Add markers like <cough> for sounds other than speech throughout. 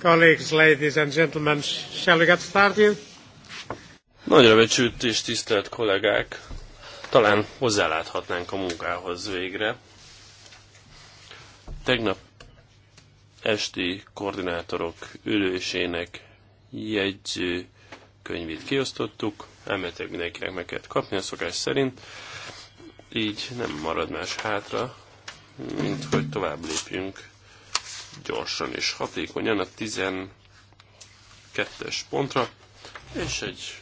Colleagues, ladies and gentlemen, shall we get started? Nagyra becsült és tisztelt kollégák, talán hozzáláthatnánk a munkához végre. Tegnap esti koordinátorok ülésének jegyző könyvét kiosztottuk, elméletileg mindenkinek meg kellett kapni a szokás szerint, így nem marad más hátra, mint hogy tovább lépjünk gyorsan és hatékonyan a 12-es pontra, és egy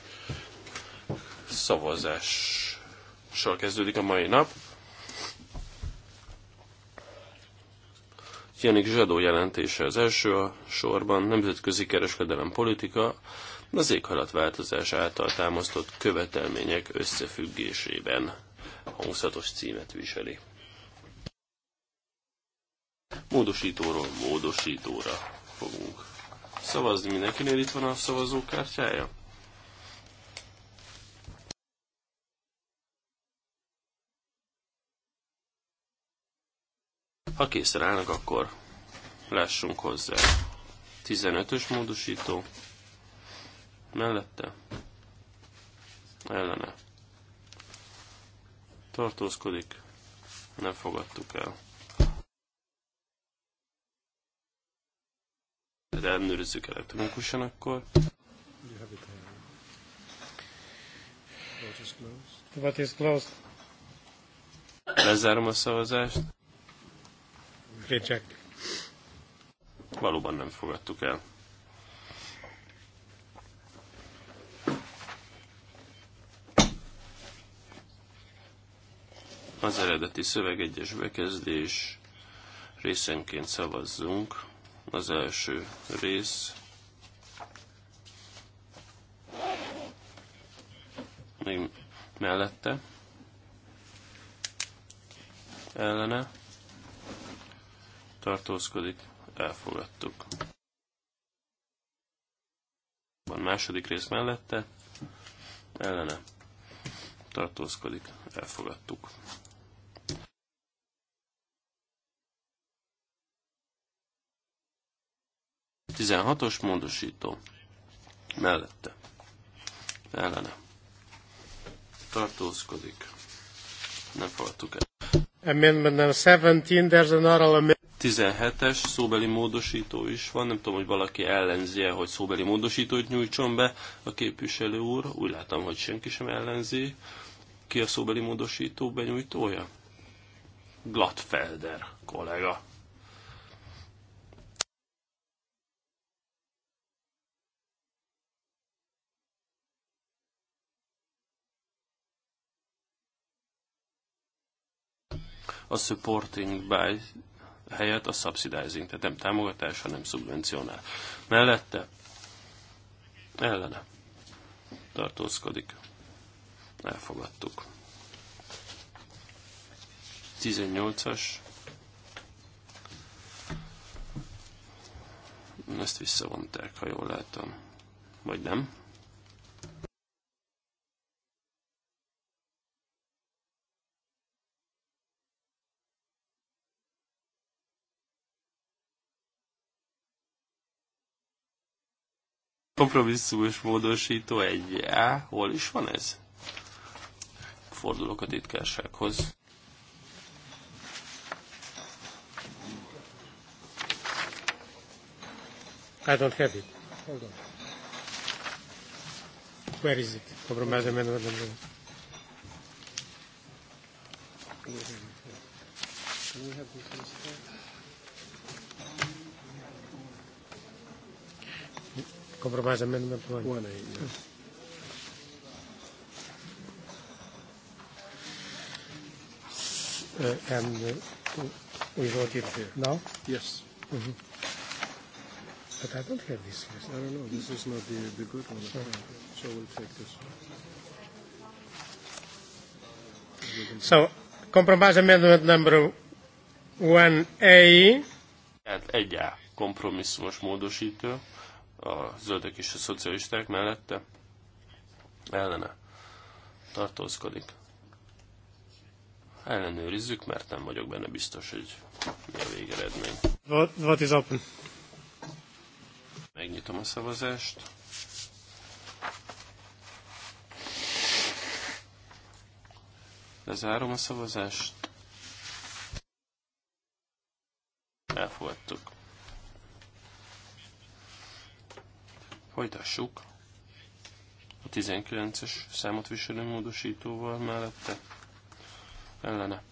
szavazással kezdődik a mai nap. Janik Zsadó jelentése az első a sorban, nemzetközi kereskedelem politika, az éghajlatváltozás által támasztott követelmények összefüggésében hangzatos címet viseli. Módosítóról módosítóra fogunk szavazni. Mindenkinél itt van a szavazókártyája? Ha készen állnak, akkor lássunk hozzá. 15-ös módosító. Mellette. Ellene. Tartózkodik. Nem fogadtuk el. ellenőrizzük elektronikusan akkor. is closed. Lezárom a szavazást. Reject. Valóban nem fogadtuk el. Az eredeti szöveg egyes bekezdés részenként szavazzunk az első rész. Még mellette. Ellene. Tartózkodik. Elfogadtuk. Van második rész mellette. Ellene. Tartózkodik. Elfogadtuk. 16-os módosító mellette ellene tartózkodik. Nem fogadtuk el. Amendment 17, there's an oral 17-es szóbeli módosító is van, nem tudom, hogy valaki ellenzi -e, hogy szóbeli módosítót nyújtson be a képviselő úr. Úgy látom, hogy senki sem ellenzi. Ki a szóbeli módosító benyújtója? Gladfelder kollega. a supporting by helyett a subsidizing, tehát nem támogatás, hanem szubvencionál. Mellette ellene tartózkodik. Elfogadtuk. 18-as. Ezt visszavonták, ha jól látom. Vagy nem? Kompromisszumos módosító egy. a hol is van ez? Fordulok a titkársághoz. I don't have it. Hold on. Where is it? Compromise amendment. Can we have this Compromise amendment one. One eight. Yeah. Uh, and uh, we vote it here. now? Yes. Mm-hmm. But I don't have this list. I don't know. This is not the, the good one. Sorry. So we'll take this one. So, compromise amendment number 1A. Tehát egy A kompromisszumos módosító a zöldek és a szocialisták mellette ellene tartózkodik. Ellenőrizzük, mert nem vagyok benne biztos, hogy mi a végeredmény. What, what is open? Megnyitom a szavazást. Lezárom a szavazást. Elfogadtuk. Folytassuk a 19-es számot viselő módosítóval mellette ellene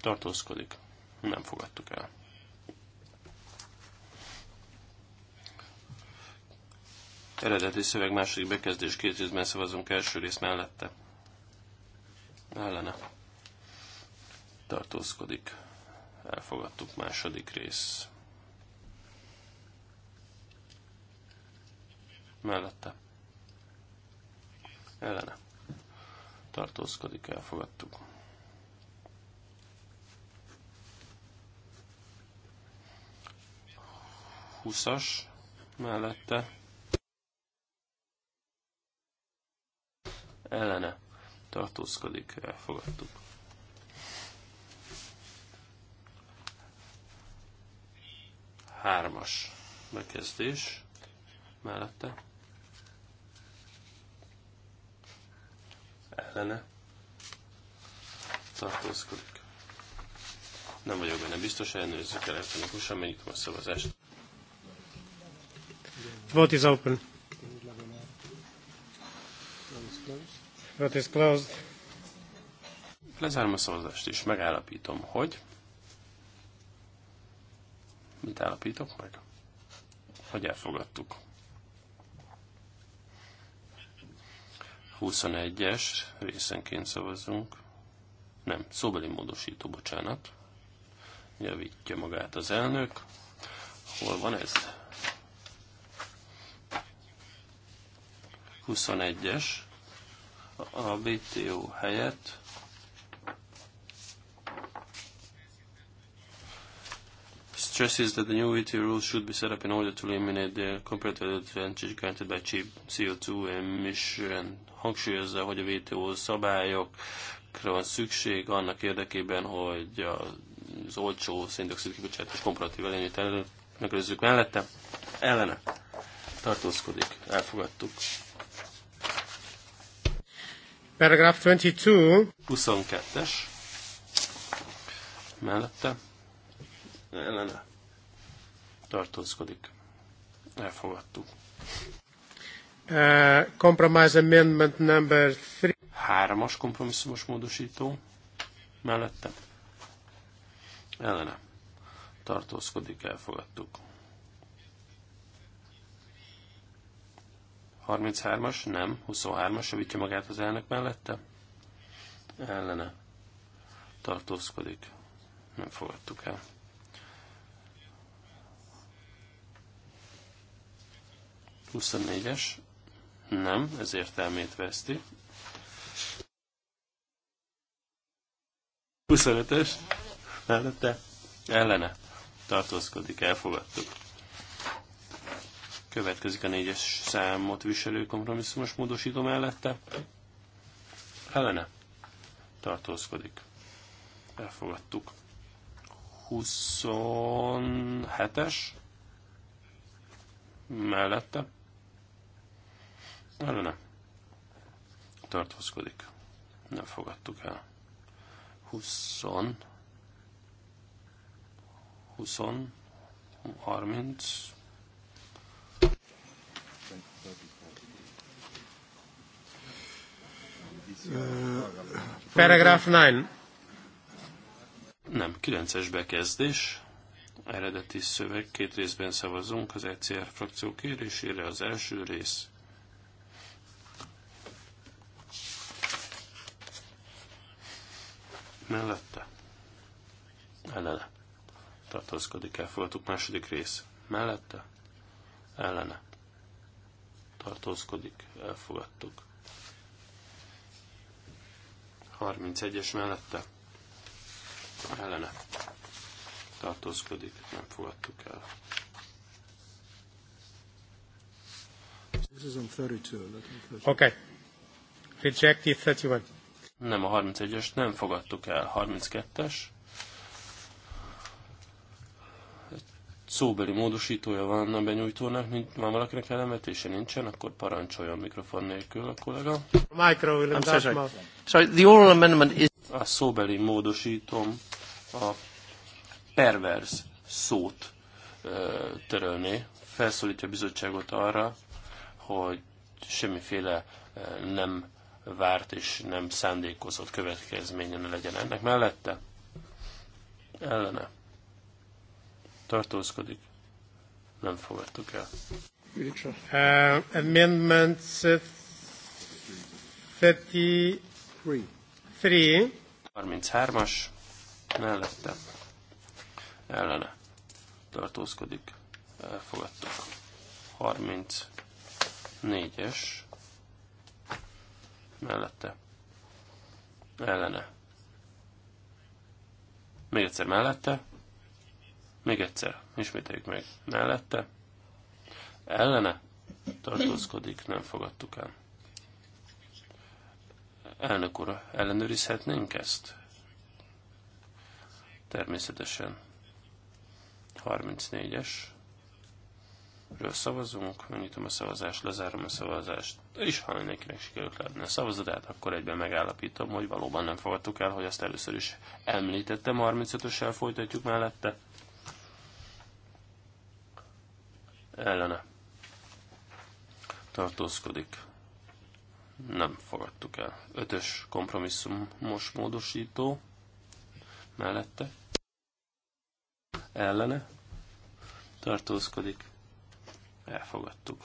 tartózkodik. Nem fogadtuk el. Eredeti szöveg második bekezdés két részben szavazunk első rész mellette. Ellene. Tartózkodik. Elfogadtuk második rész mellette ellene tartózkodik, elfogadtuk. Húszas mellette ellene tartózkodik, elfogadtuk. Hármas bekezdés mellette ellene tartózkodik. Nem vagyok benne biztos, ellenőrizzük elektronikusan, megnyitom a szavazást. Vote is open. Vote is closed. Lezárom a szavazást, és megállapítom, hogy mit állapítok meg? Hogy elfogadtuk. 21-es részenként szavazunk. Nem, szóbeli módosító, bocsánat. Javítja magát az elnök. Hol van ez? 21-es. A BTO helyett stresses that the new ET rules should be set up in order to eliminate the comparative advantage granted by cheap CO2 emission. Hangsúlyozza, hogy a WTO szabályokra van szükség annak érdekében, hogy az olcsó széndiokszid kibocsátás komparatív előnyét elő megőrizzük mellette. Ellene tartózkodik. Elfogadtuk. Paragraph 22. 22-es. Mellette. Ellene tartózkodik. Elfogadtuk. Uh, compromise amendment number three. Hármas kompromisszumos módosító mellette. Ellene tartózkodik, elfogadtuk. 33-as, nem, 23-as, javítja magát az elnök mellette. Ellene tartózkodik, nem fogadtuk el. 24-es. Nem, ez értelmét veszti. 25-ös. Mellette. Ellene. Tartózkodik, elfogadtuk. Következik a négyes számot viselő kompromisszumos módosító mellette. Ellene. Tartózkodik. Elfogadtuk. 27-es mellette. Ellene. Tartózkodik. Nem fogadtuk el. 20. 20. 30. Paragraph 9. Nem, 9-es bekezdés. Eredeti szöveg, két részben szavazunk az ECR frakció kérésére. Az első rész mellette, ellene, tartózkodik, elfogadtuk, második rész, mellette, ellene, tartózkodik, elfogadtuk. 31-es mellette, ellene, tartózkodik, nem fogadtuk el. This is on 32. Okay. Rejected 31. Nem, a 31-es nem fogadtuk el. 32-es. szóbeli módosítója van a benyújtónak, mint van valakinek elemetése nincsen, akkor parancsoljon mikrofon nélkül a kollega. Micro, sorry, the oral amendment is... A szóbeli módosítom a pervers szót ö, törölni. Felszólítja a bizottságot arra, hogy semmiféle nem várt és nem szándékozott következménye ne legyen ennek mellette. Ellene. Tartózkodik. Nem fogadtuk el. Uh, amendment 33. 33-as. Mellette. Ellene. Tartózkodik. Elfogadtuk. 34-es mellette, ellene. Még egyszer mellette, még egyszer, ismételjük meg, mellette, ellene, tartózkodik, nem fogadtuk el. Elnök ura ellenőrizhetnénk ezt? Természetesen. 34-es. Ről szavazunk, megnyitom a szavazást, lezárom a szavazást, és ha mindenkinek sikerült látni a szavazatát, akkor egyben megállapítom, hogy valóban nem fogadtuk el, hogy azt először is említettem, 35-össel folytatjuk mellette. Ellene. Tartózkodik. Nem fogadtuk el. Ötös most módosító mellette. Ellene. Tartózkodik Elfogadtuk.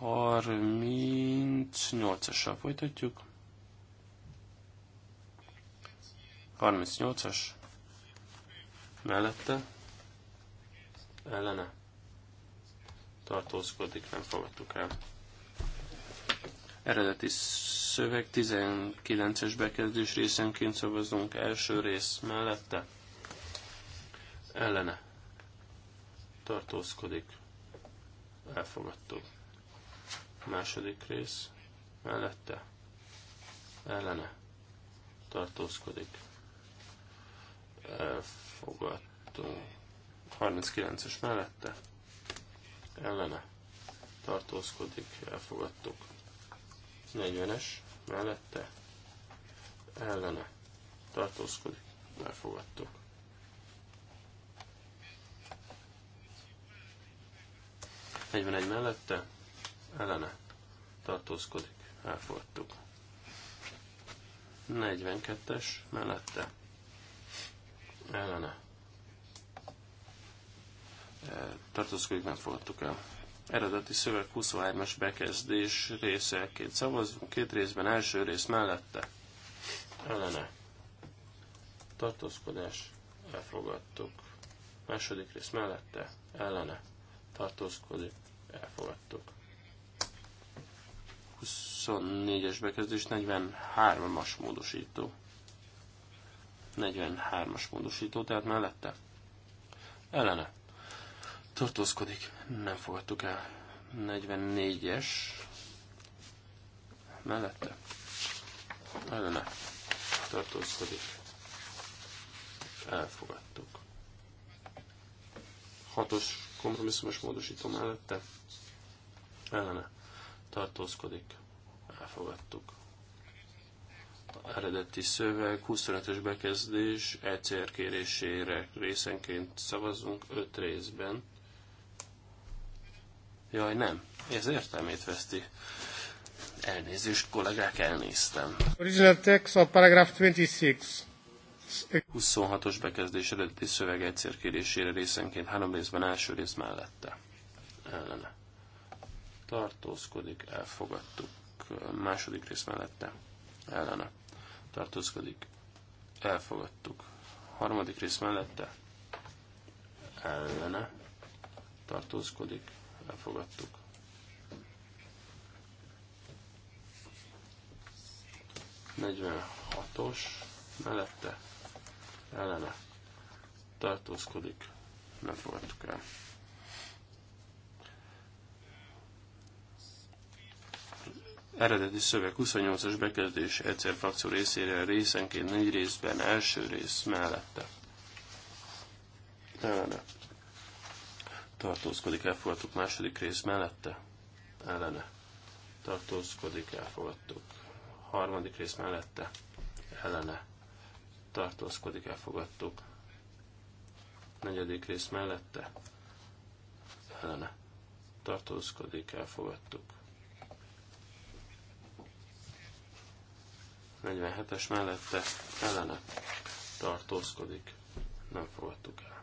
38-assal folytatjuk. 38-as. Mellette. Ellene. Tartózkodik, nem fogadtuk el. Eredeti szöveg 19-es bekezdés részenként szavazunk első rész mellette. Ellene tartózkodik, elfogadtuk. Második rész, mellette, ellene, tartózkodik, elfogadtuk. 39-es mellette, ellene, tartózkodik, elfogadtuk. 40-es, mellette, ellene, tartózkodik, elfogadtuk. 41 mellette, ellene tartózkodik, elfogadtuk. 42-es mellette, ellene e, tartózkodik, nem fogadtuk el. Eredeti szöveg 23-as bekezdés része, két szavazunk, két részben, első rész mellette, ellene tartózkodás, elfogadtuk. Második rész mellette, ellene tartózkodik, elfogadtuk. 24-es bekezdés, 43-as módosító. 43-as módosító, tehát mellette. Ellene. Tartózkodik. Nem fogadtuk el. 44-es. Mellette. Ellene. Tartózkodik. Elfogadtuk. 6-os kompromisszumos módosító mellette ellene tartózkodik. Elfogadtuk. Eredeti szöveg, 25-ös bekezdés, ECR kérésére részenként szavazunk 5 részben. Jaj, nem. Ez értelmét veszti. Elnézést, kollégák, elnéztem. Original text of paragraph 26. 26-os bekezdés eredeti szöveg egyszer kérésére részenként három részben első rész mellette. Ellene. Tartózkodik, elfogadtuk. Második rész mellette. Ellene. Tartózkodik, elfogadtuk. Harmadik rész mellette. Ellene. Tartózkodik, elfogadtuk. Negyven hatos mellette ellene tartózkodik, nem fogadtuk el. Eredeti szöveg 28-as bekezdés egyszer frakció részére részenként négy részben első rész mellette. Ellene. Tartózkodik, elfogadtuk második rész mellette. Ellene. Tartózkodik, elfogadtuk. Harmadik rész mellette. Ellene tartózkodik, elfogadtuk. Negyedik rész mellette ellene tartózkodik, elfogadtuk. 47-es mellette ellene tartózkodik, nem fogadtuk el.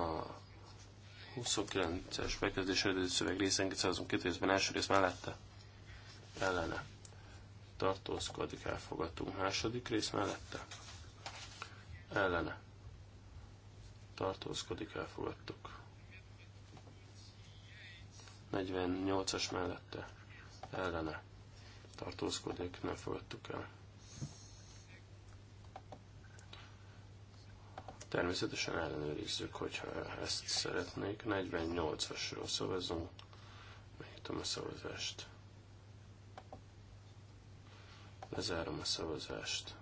A 29-es bekezdés eredeti szöveg részen 202 részben első rész mellette ellene tartózkodik, elfogadó Második rész mellette, ellene, tartózkodik, elfogadtuk. 48-as mellette, ellene, tartózkodik, nem fogadtuk el. Természetesen ellenőrizzük, hogyha ezt szeretnék. 48-asról szavazunk. Megnyitom a szavazást. Lezárom a szavazást.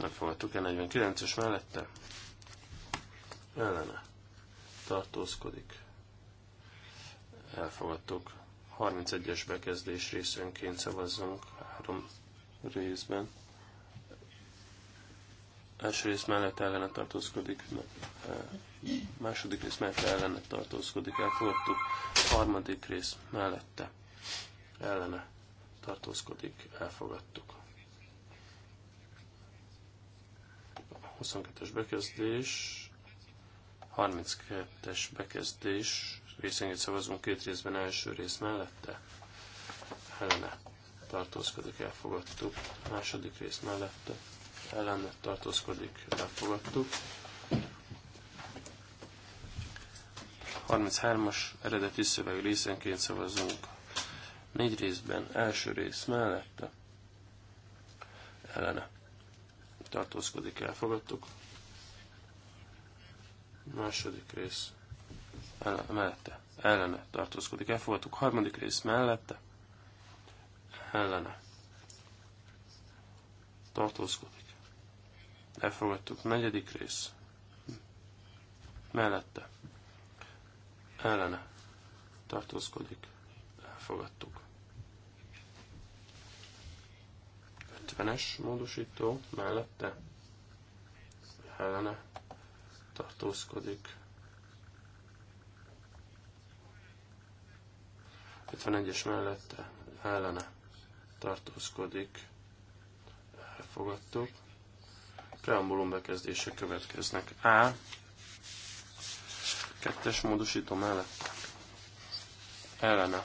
Megfogadtuk-e 49-ös mellette? Ellene. Tartózkodik. Elfogadtuk. 31-es bekezdés részönként szavazzunk három részben. Első rész mellett ellene tartózkodik, e, második rész mellett ellene tartózkodik, elfogadtuk. Harmadik rész mellette ellene tartózkodik, elfogadtuk. 22-es bekezdés, 32-es bekezdés, részenként szavazunk két részben, első rész mellette, ellene tartózkodik, elfogadtuk, második rész mellette, ellen tartózkodik, elfogadtuk. 33-as eredeti szövegű részenként szavazunk. Négy részben, első rész mellette, ellene tartózkodik, elfogadtuk. Második rész ellene, mellette, ellene tartózkodik, elfogadtuk. Harmadik rész mellette, ellene tartózkodik. Elfogadtuk. Negyedik rész. Mellette. Ellene. Tartózkodik. Elfogadtuk. 50-es módosító. Mellette. Ellene. Tartózkodik. 51-es mellette ellene tartózkodik. Elfogadtuk. Preambulum bekezdése következnek. A. Kettes módosító mellett. Ellene.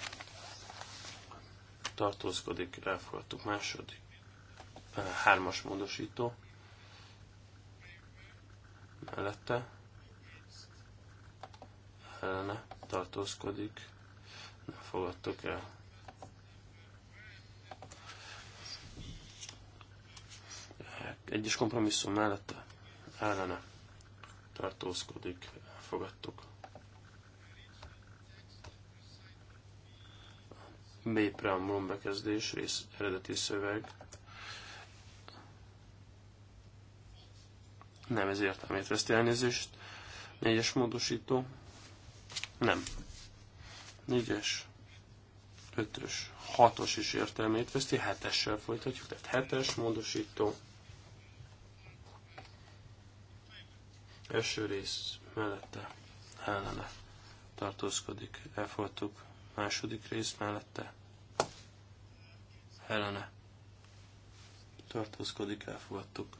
Tartózkodik, elfogadtuk. Második. Hármas módosító. Mellette. Ellene. Tartózkodik. Nem fogadtuk el Egyes kompromisszum mellett, ellene tartózkodik, elfogadtuk. Mély preambulum bekezdés, rész, eredeti szöveg. Nem ez értelmét veszti elnézést. Négyes módosító. Nem. Négyes, ötös, hatos is értelmét veszti, hetessel folytatjuk, tehát hetes módosító Első rész mellette ellene tartózkodik. Elfogadtuk. Második rész mellette ellene tartózkodik. Elfogadtuk.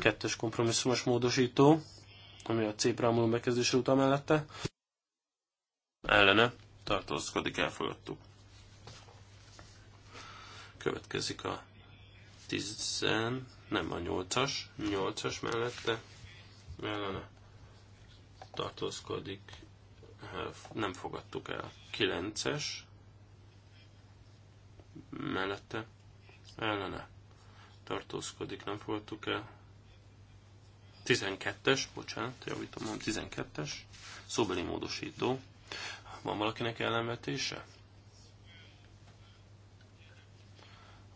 Kettes kompromisszumos módosító, ami a C preambulum bekezdés után mellette. Ellene tartózkodik. Elfogadtuk. Következik a tizen, nem a nyolcas, nyolcas mellette ellene tartózkodik, hát nem fogadtuk el. Kilences mellette ellene tartózkodik, nem fogadtuk el. 12-es, bocsánat, javítom, 12-es, szóbeli módosító. Van valakinek ellenvetése?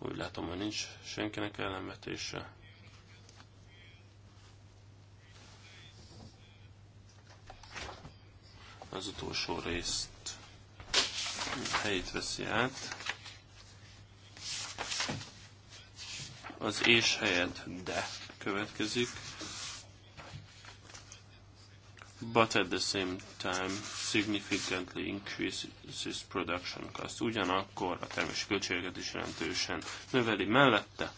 Úgy látom, hogy nincs senkinek ellenvetése. Az utolsó részt helyét veszi át. Az és helyett de következik but at the same time significantly increases production cost. Ugyanakkor a termési költségeket is jelentősen növeli mellette.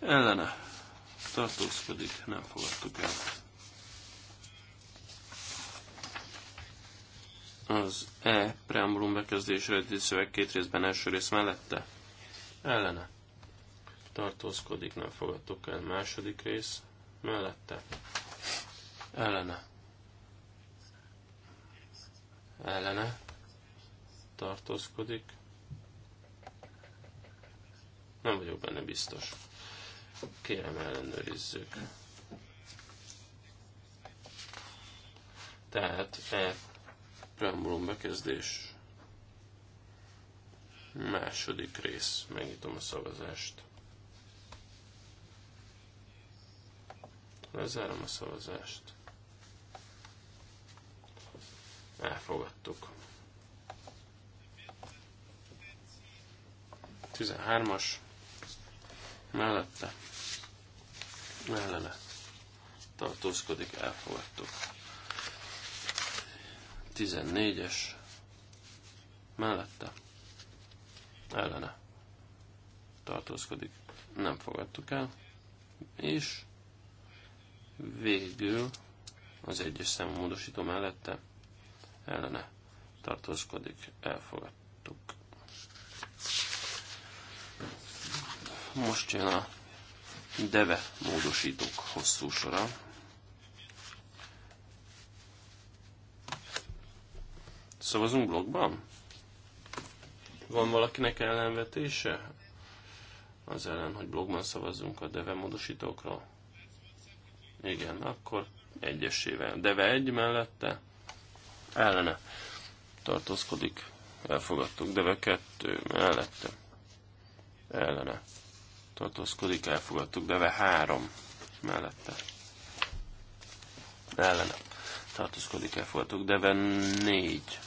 Ellene tartózkodik, nem fogadtuk el. Az E preambulum bekezdésre egy szöveg két részben első rész mellette. Ellene tartózkodik, nem fogadtuk el második rész mellette. Ellene ellene tartózkodik. Nem vagyok benne biztos. Kérem ellenőrizzük. Tehát e preambulum bekezdés második rész. Megnyitom a szavazást. Lezárom a szavazást elfogadtuk. 13-as mellette mellene tartózkodik, elfogadtuk. 14-es mellette ellene tartózkodik, nem fogadtuk el, és végül az egyes számú módosító mellette ellene tartózkodik, elfogadtuk. Most jön a deve módosítók hosszú sora. Szavazunk blogban? Van valakinek ellenvetése? Az ellen, hogy blogban szavazzunk a deve módosítókról? Igen, akkor egyesével. Deve egy mellette, ellene tartózkodik, elfogadtuk, de kettő mellette ellene tartózkodik, elfogadtuk, deve három mellette ellene tartózkodik, elfogadtuk, deve négy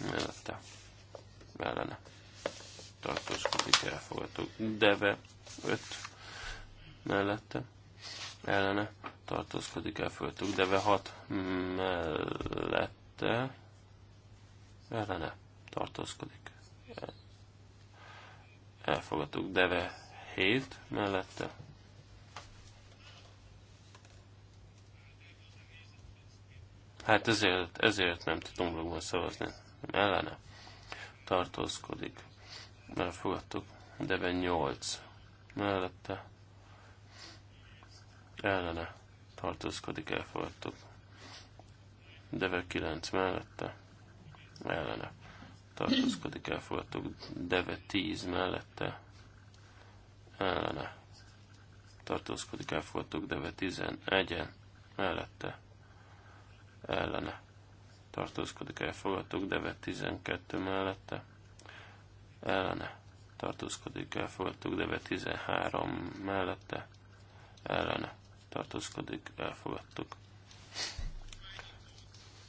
mellette ellene tartózkodik, elfogadtuk, deve öt mellette ellene tartózkodik, elfogadtuk, ve hat mellette de ellene tartózkodik. Elfogadtuk Deve hét mellette. Hát ezért, ezért nem tudunk blogban szavazni. Ellene tartózkodik. Elfogadtuk Deve nyolc mellette. Ellene tartózkodik, elfogadtuk Deve 9 mellette ellene tartózkodik, elfogadtuk. Deve 10 mellette ellene tartózkodik, elfogadtuk. Deve 11-en mellette ellene tartózkodik, elfogadtuk. Deve 12 mellette ellene tartózkodik, elfogadtuk. Deve 13 mellette ellene tartózkodik, elfogadtuk.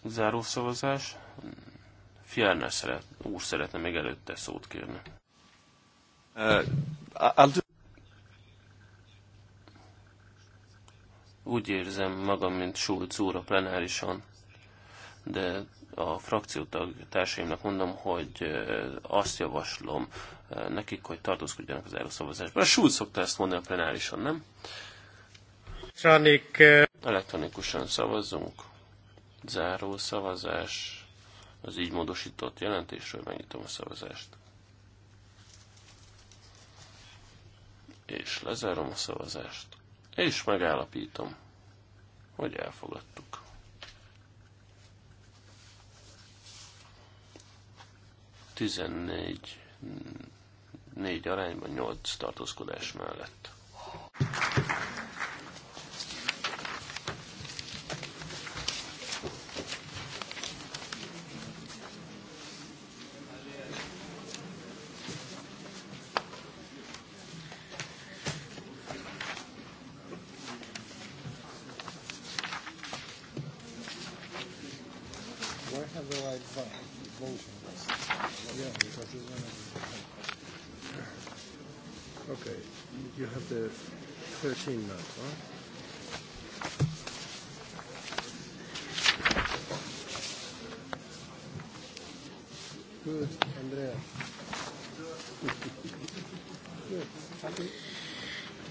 Zárószavazás. Fjellner szeret, úr szeretne még előtte szót kérni. Uh, Úgy érzem magam, mint Schulz úr a plenárison, de a frakciótag társaimnak mondom, hogy uh, azt javaslom uh, nekik, hogy tartózkodjanak az előszavazásban. A Schulz szokta ezt mondani a plenárison, nem? Elektronik. Elektronikusan szavazzunk. Záró szavazás az így módosított jelentésről. Megnyitom a szavazást. És lezárom a szavazást. És megállapítom, hogy elfogadtuk. Tizennégy négy arányban nyolc tartózkodás mellett.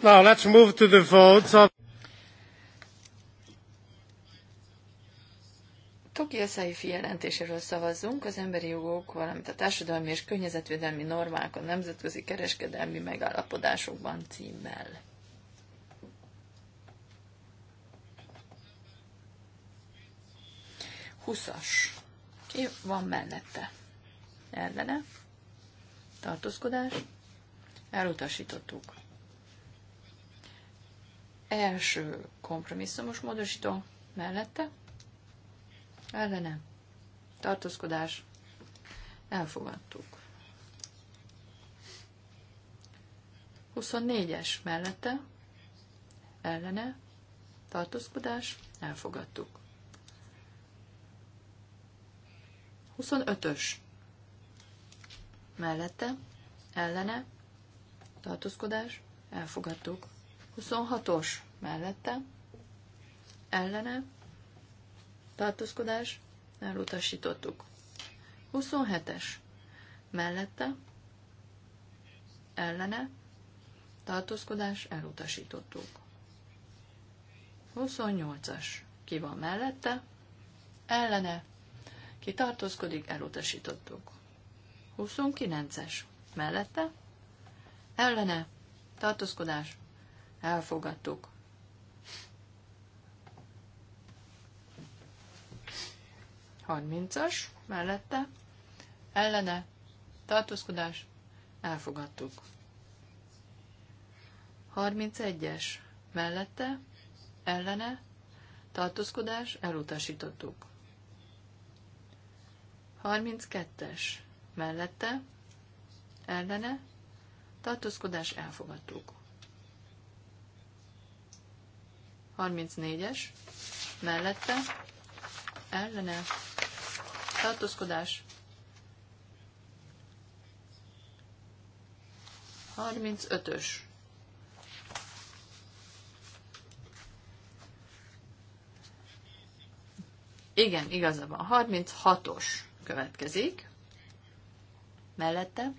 Now let's move to the votes of... Tokyo Saifi jelentéséről szavazzunk, az emberi jogok, valamint a társadalmi és környezetvédelmi normák a nemzetközi kereskedelmi megállapodásokban címmel. Huszas. Ki van mellette? Ellene? Tartózkodás? Elutasítottuk első kompromisszumos módosító mellette, ellene, tartózkodás, elfogadtuk. 24-es mellette, ellene, tartózkodás, elfogadtuk. 25-ös mellette, ellene, tartózkodás, elfogadtuk. 26-os mellette, ellene, tartózkodás, elutasítottuk. 27-es mellette, ellene, tartózkodás, elutasítottuk. 28-as ki van mellette, ellene, ki tartózkodik, elutasítottuk. 29-es mellette, ellene, tartózkodás, elfogadtuk. Harmincas mellette ellene tartózkodás elfogadtuk. 31-es mellette ellene tartózkodás elutasítottuk. 32-es mellette ellene tartózkodás elfogadtuk. 34-es mellette ellene tartózkodás 35-ös. Igen, igaza van. 36-os következik. Mellette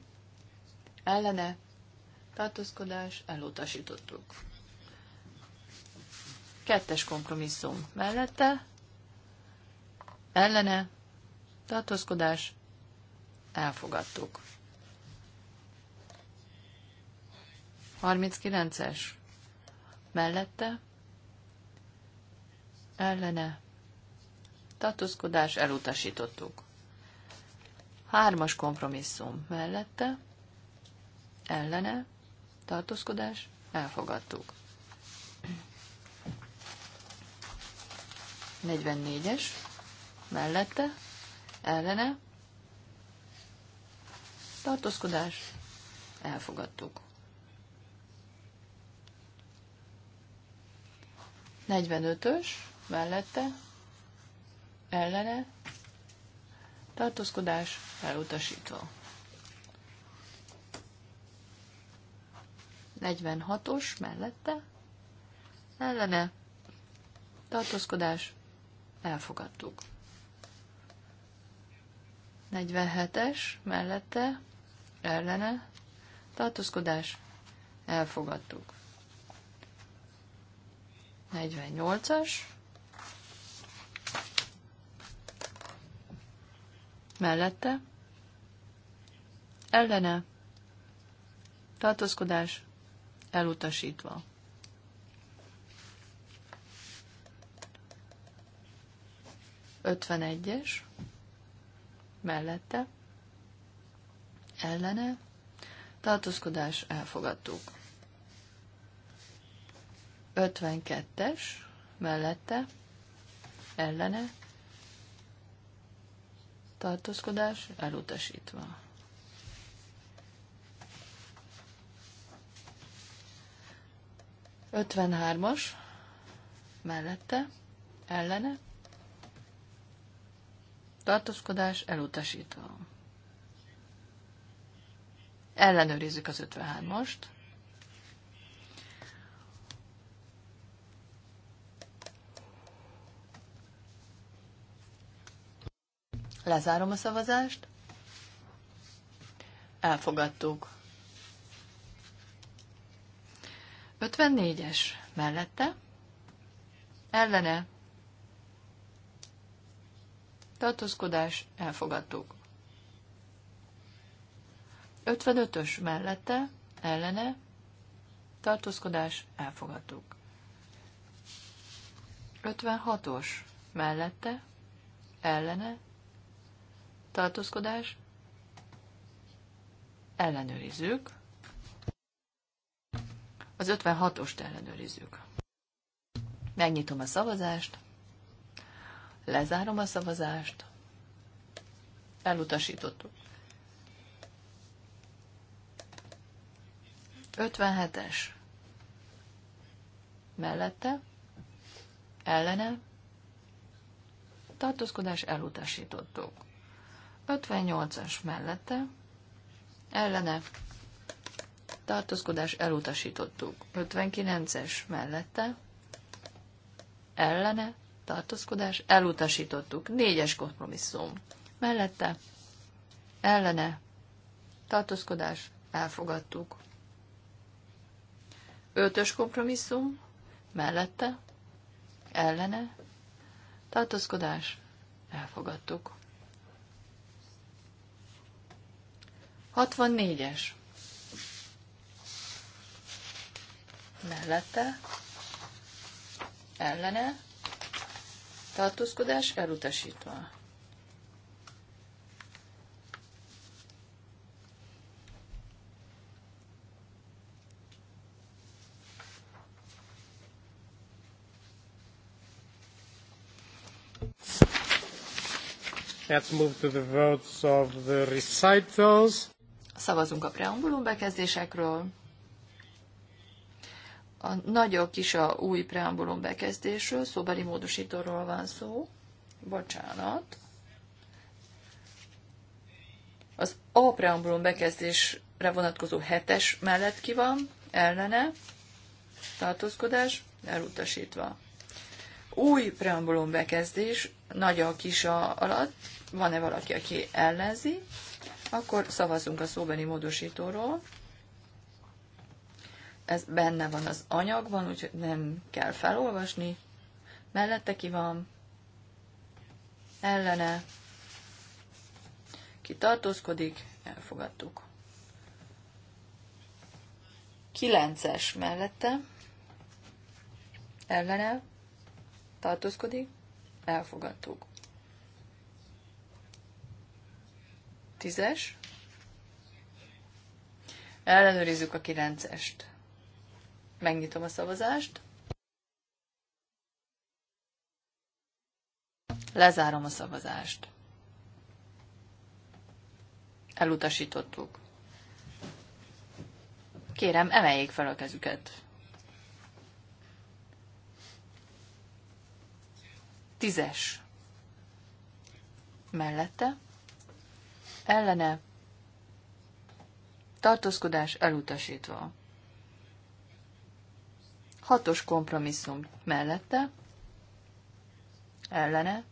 ellene tartózkodás elutasítottuk. Kettes kompromisszum mellette, ellene, tartózkodás, elfogadtuk. 39-es mellette, ellene, tartózkodás, elutasítottuk. Hármas kompromisszum mellette, ellene, tartózkodás, elfogadtuk. 44-es, mellette, ellene, tartózkodás, elfogadtuk. 45-ös, mellette, ellene, tartózkodás, elutasító. 46-os mellette, ellene, tartózkodás, elfogadtuk. 47-es mellette ellene tartózkodás elfogadtuk. 48-as mellette ellene tartózkodás elutasítva. 51-es mellette ellene tartózkodás elfogadtuk. 52-es mellette ellene tartózkodás elutasítva. Ötvenhármas mellette, ellene, tartózkodás elutasítva. Ellenőrizzük az 53-ast. Lezárom a szavazást. Elfogadtuk. 54-es mellette. Ellene tartózkodás, elfogadtuk. 55-ös mellette, ellene, tartózkodás, elfogadtuk. 56-os mellette, ellene, tartózkodás, ellenőrizzük. Az 56-ost ellenőrizzük. Megnyitom a szavazást. Lezárom a szavazást. Elutasítottuk. 57-es. Mellette, ellene, tartózkodás elutasítottuk. 58-as mellette, ellene, tartózkodás elutasítottuk. 59-es mellette, ellene, tartózkodás, elutasítottuk. Négyes kompromisszum. Mellette, ellene, tartózkodás, elfogadtuk. Ötös kompromisszum, mellette, ellene, tartózkodás, elfogadtuk. 64-es. Mellette, ellene, tartózkodás elutasítva. Let's move to the votes of the recitals. Szavazunk a preambulum bekezdésekről a nagyok is a új preambulum bekezdésről, szóbeli módosítóról van szó. Bocsánat. Az A preambulum bekezdésre vonatkozó hetes mellett ki van, ellene, tartózkodás, elutasítva. Új preambulum bekezdés, nagy a kis a alatt, van-e valaki, aki ellenzi, akkor szavazunk a szóbeli módosítóról ez benne van az anyagban, úgyhogy nem kell felolvasni. Mellette ki van, ellene, ki tartózkodik, elfogadtuk. Kilences mellette, ellene, tartózkodik, elfogadtuk. Tízes. ellenőrizzük a kilencest. est Megnyitom a szavazást. Lezárom a szavazást. Elutasítottuk. Kérem, emeljék fel a kezüket. Tízes. Mellette. Ellene. Tartózkodás elutasítva. Hatos kompromisszum mellette, ellene,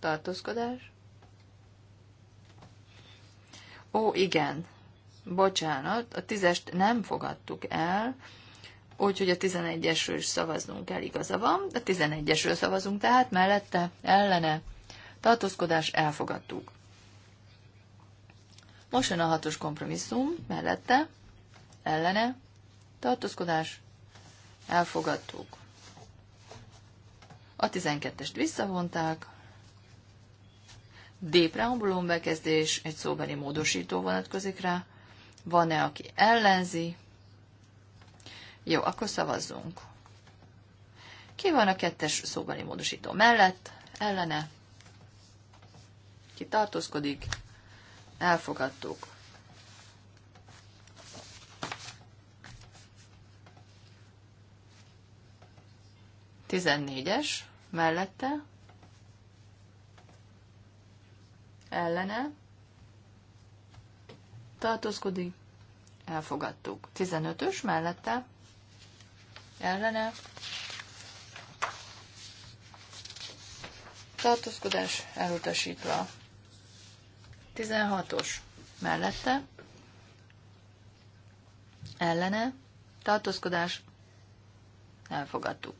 tartózkodás. Ó, igen, bocsánat, a tízest nem fogadtuk el, úgyhogy a tizenegyesről is szavaznunk kell, igaza van. A tizenegyesről szavazunk, tehát mellette, ellene, tartózkodás, elfogadtuk. Most jön a hatos kompromisszum, mellette, ellene, tartózkodás, elfogadtuk. A 12-est visszavonták. D. Preambulum bekezdés, egy szóbeli módosító vonatkozik rá. Van-e, aki ellenzi? Jó, akkor szavazzunk. Ki van a kettes szóbeli módosító mellett? Ellene? Ki tartózkodik? Elfogadtuk. 14-es mellette, ellene, tartózkodik, elfogadtuk. 15-ös mellette, ellene, tartózkodás elutasítva. 16-os mellette, ellene, tartózkodás, elfogadtuk.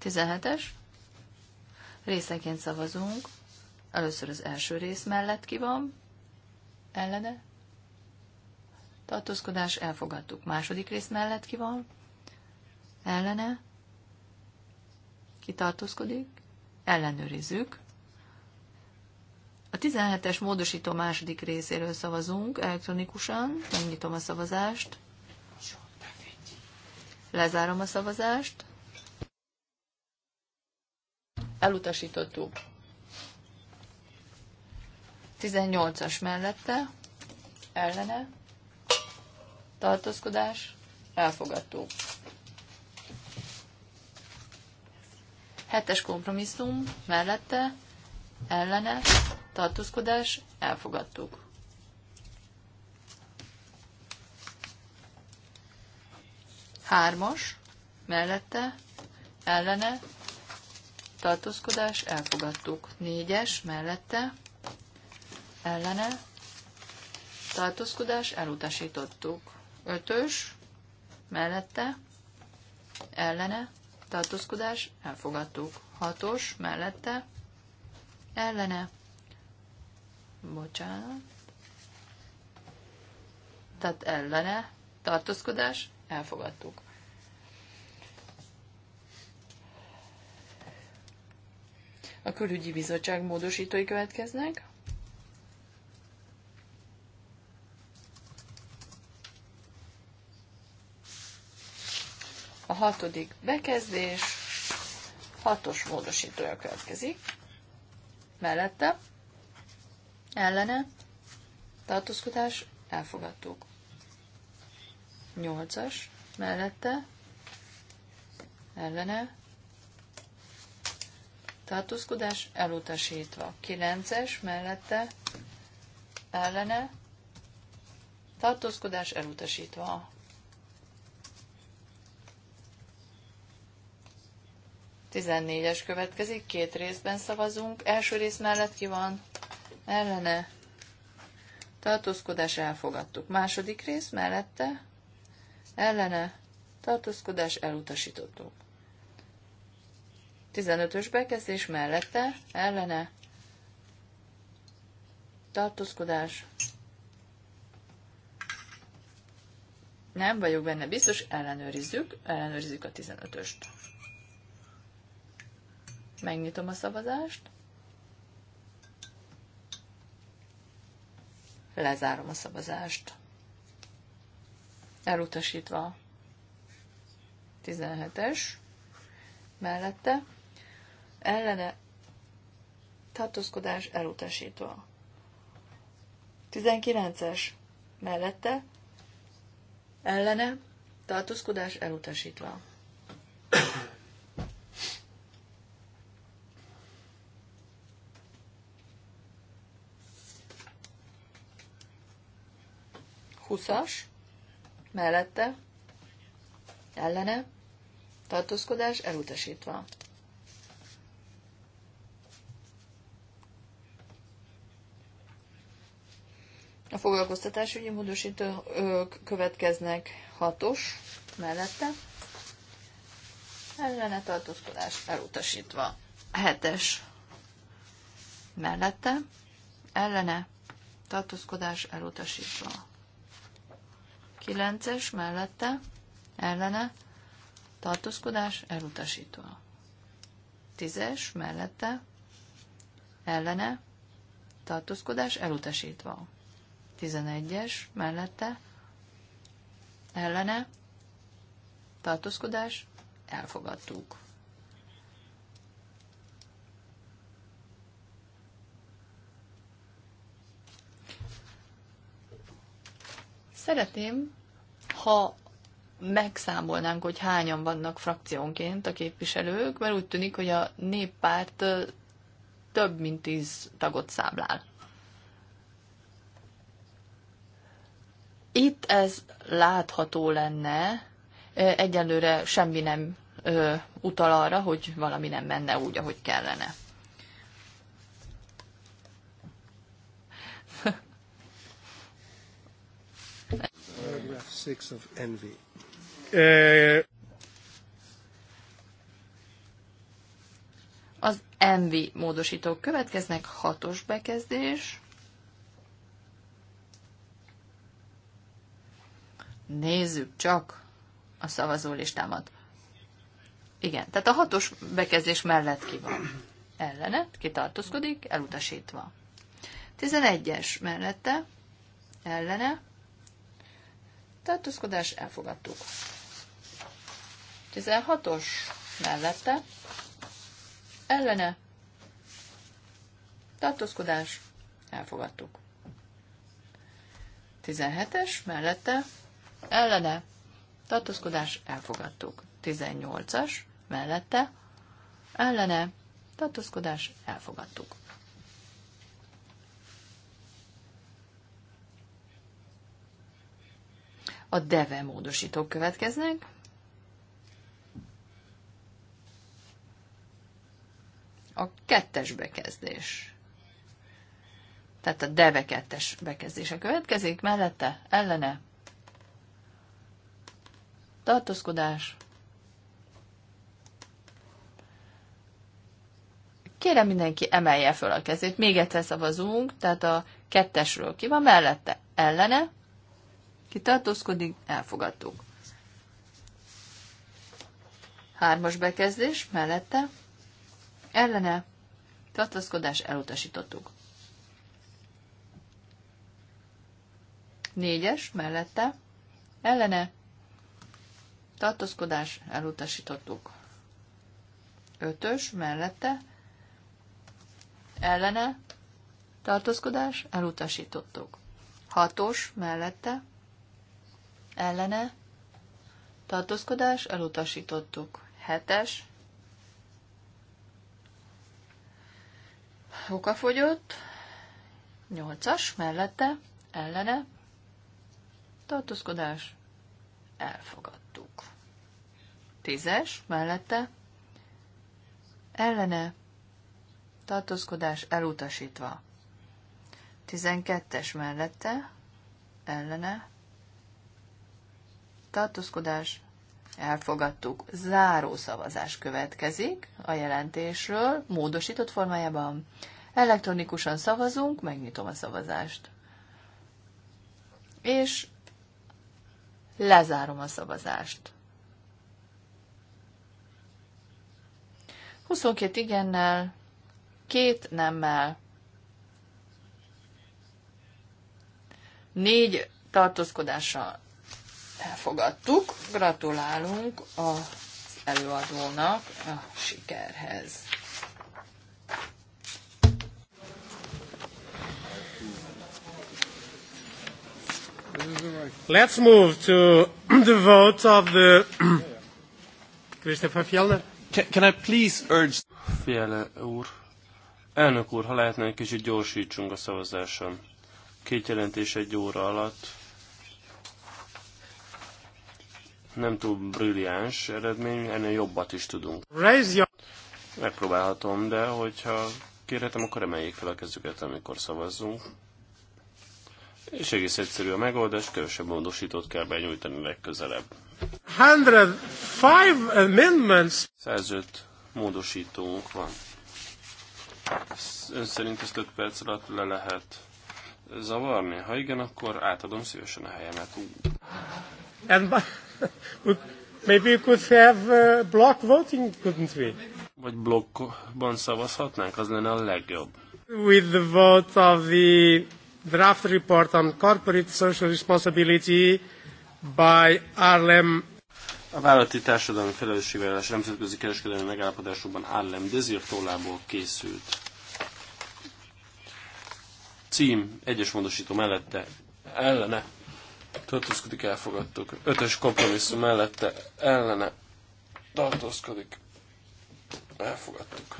17-es. Részeként szavazunk. Először az első rész mellett ki van. Ellene. Tartózkodás elfogadtuk. Második rész mellett ki van. Ellene. tartózkodik. Ellenőrizzük. A 17-es módosító második részéről szavazunk elektronikusan. Megnyitom a szavazást. Lezárom a szavazást elutasítottuk. 18-as mellette, ellene, tartózkodás, elfogadtuk. 7-es kompromisszum mellette, ellene, tartózkodás, elfogadtuk. Hármas, mellette, ellene, tartózkodás, elfogadtuk. Négyes mellette, ellene, tartózkodás, elutasítottuk. Ötös mellette, ellene, tartózkodás, elfogadtuk. Hatos mellette, ellene, bocsánat, tehát ellene, tartózkodás, elfogadtuk. A külügyi bizottság módosítói következnek. A hatodik bekezdés, hatos módosítója következik. Mellette, ellene, tartózkodás, elfogadtuk. Nyolcas, mellette, ellene, tartózkodás elutasítva. 9-es mellette ellene tartózkodás elutasítva. Tizennégyes következik, két részben szavazunk. Első rész mellett ki van? Ellene. Tartózkodás elfogadtuk. Második rész mellette? Ellene. Tartózkodás elutasítottuk. 15-ös bekezdés mellette, ellene, tartózkodás, nem vagyok benne biztos, ellenőrizzük, ellenőrizzük a 15-öst. Megnyitom a szavazást. Lezárom a szavazást. Elutasítva 17-es mellette ellene tartózkodás elutasítva. 19-es mellette ellene tartózkodás elutasítva. Huszas, mellette, ellene, tartózkodás elutasítva. A foglalkoztatásügyi módosítók következnek hatos mellette. Ellene tartózkodás elutasítva. Hetes mellette. Ellene tartózkodás elutasítva. Kilences mellette. Ellene tartózkodás elutasítva. Tízes mellette. Ellene tartózkodás elutasítva. 11-es mellette ellene tartózkodás elfogadtuk. Szeretném, ha megszámolnánk, hogy hányan vannak frakciónként a képviselők, mert úgy tűnik, hogy a néppárt több mint tíz tagot számlál. Itt ez látható lenne, egyelőre semmi nem utal arra, hogy valami nem menne úgy, ahogy kellene. envy. Az envi módosítók következnek, hatos bekezdés. Nézzük csak a szavazólistámat. Igen, tehát a hatos bekezdés mellett ki van. Ellene, kitartózkodik, elutasítva. 11-es mellette, ellene, tartózkodás, elfogadtuk. 16-os mellette, ellene, tartózkodás, elfogadtuk. 17-es mellette, ellene, tartózkodás elfogadtuk. 18-as, mellette, ellene, tartózkodás elfogadtuk. A deve módosítók következnek. A kettes bekezdés. Tehát a deve kettes bekezdése következik, mellette, ellene, tartózkodás. Kérem mindenki emelje föl a kezét, még egyszer szavazunk, tehát a kettesről ki van mellette, ellene, ki tartózkodik, elfogadtuk. Hármas bekezdés, mellette, ellene, tartózkodás, elutasítottuk. Négyes, mellette, ellene, tartózkodás, elutasítottuk. Ötös mellette, ellene, tartózkodás, elutasítottuk. Hatos mellette, ellene, tartózkodás, elutasítottuk. Hetes, fogyott, nyolcas mellette, ellene, tartózkodás, elfogad. Tízes mellette ellene tartózkodás elutasítva. Tizenkettes mellette ellene tartózkodás elfogadtuk. Záró szavazás következik a jelentésről, módosított formájában. Elektronikusan szavazunk, megnyitom a szavazást. És lezárom a szavazást. 22 igennel, két nemmel, négy tartózkodással elfogadtuk. Gratulálunk az előadónak a sikerhez. Let's move to <clears throat> the vote of the <clears throat> Christopher Fjellner. Can, can I please urge... Fiele úr, elnök úr, ha lehetne egy kicsit gyorsítsunk a szavazáson. Két jelentés egy óra alatt nem túl brilliáns eredmény, ennél jobbat is tudunk. Megpróbálhatom, de hogyha kérhetem, akkor emeljék fel a kezüket, amikor szavazzunk. És egész egyszerű a megoldás, kevesebb módosítót kell benyújtani legközelebb. 105 módosítónk van. Ön szerint ezt 5 perc alatt le lehet zavarni? Ha igen, akkor átadom szívesen a helyemet. And <laughs> maybe you could have uh, block voting, couldn't we? Vagy blokkban szavazhatnánk, az lenne a legjobb. With the vote of the draft report on corporate social responsibility by Arlem a vállalati társadalmi felelősségvállalás nemzetközi kereskedelmi megállapodásokban állam Desir tollából készült. Cím egyes módosító mellette ellene tartózkodik, elfogadtuk. Ötös kompromisszum mellette ellene tartózkodik, elfogadtuk.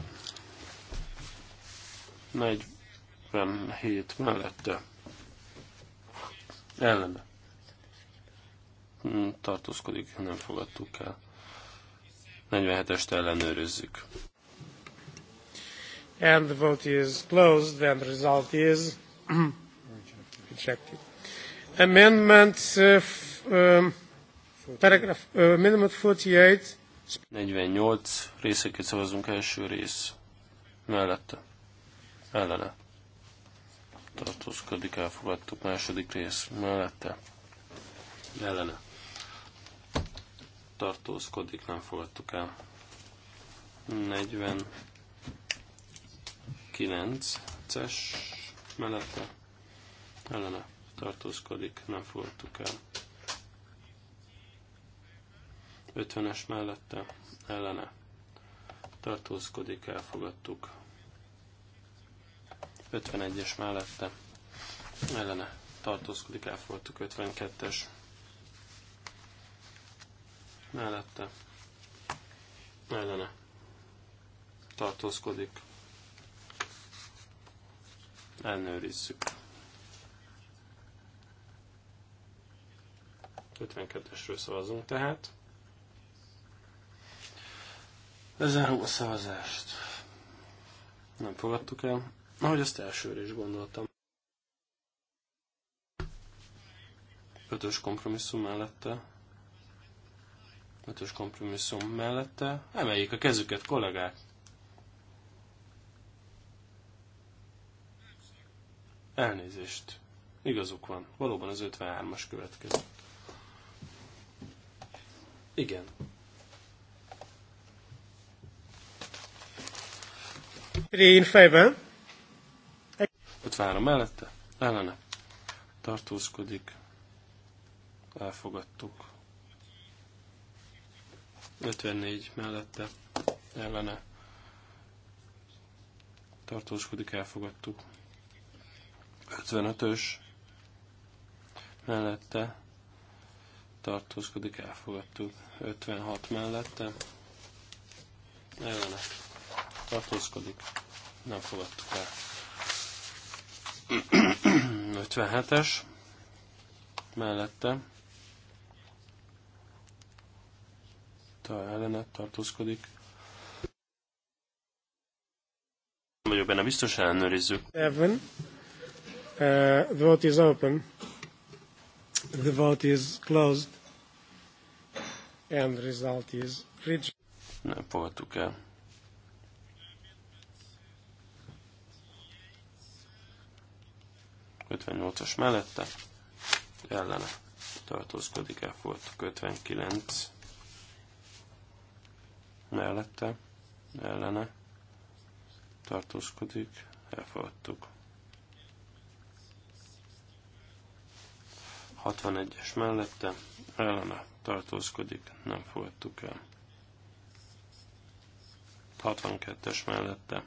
47 mellette ellene Hm, tartózkodik, nem fogadtuk el. 47-est ellenőrizzük. And the vote is closed, Then the result is <clears throat> rejected. Amendment, uh, um, paragraph, uh, minimum 48. 48 részeket szavazunk első rész mellette. Ellene. Tartózkodik, elfogadtuk második rész mellette. Ellene tartózkodik, nem fogadtuk el. 49-es mellette ellene tartózkodik, nem fogadtuk el. 50-es mellette ellene tartózkodik, elfogadtuk. 51-es mellette ellene tartózkodik, elfogadtuk. 52-es mellette ellene tartózkodik. Ellenőrizzük. 52-esről szavazunk tehát. Lezárom a szavazást. Nem fogadtuk el. Ahogy azt elsőre is gondoltam. Ötös kompromisszum mellette Ötös kompromisszum mellette. Emeljék a kezüket, kollégák! Elnézést. Igazuk van. Valóban az 53-as következik. Igen. Én fejben. 53 mellette. Ellene. Tartózkodik. Elfogadtuk. 54 mellette ellene tartózkodik, elfogadtuk. 55-ös mellette tartózkodik, elfogadtuk. 56 mellette ellene tartózkodik, nem fogadtuk el. 57-es mellette mellette ellene tartózkodik. Nem vagyok benne biztos, ellenőrizzük. Evan, uh, the vote is open. The vote is closed. And the result is rigid. Nem fogadtuk el. as mellette ellene tartózkodik, el elfogadtuk 59 mellette, ellene tartózkodik, elfogadtuk. 61-es mellette, ellene tartózkodik, nem fogadtuk el. 62-es mellette,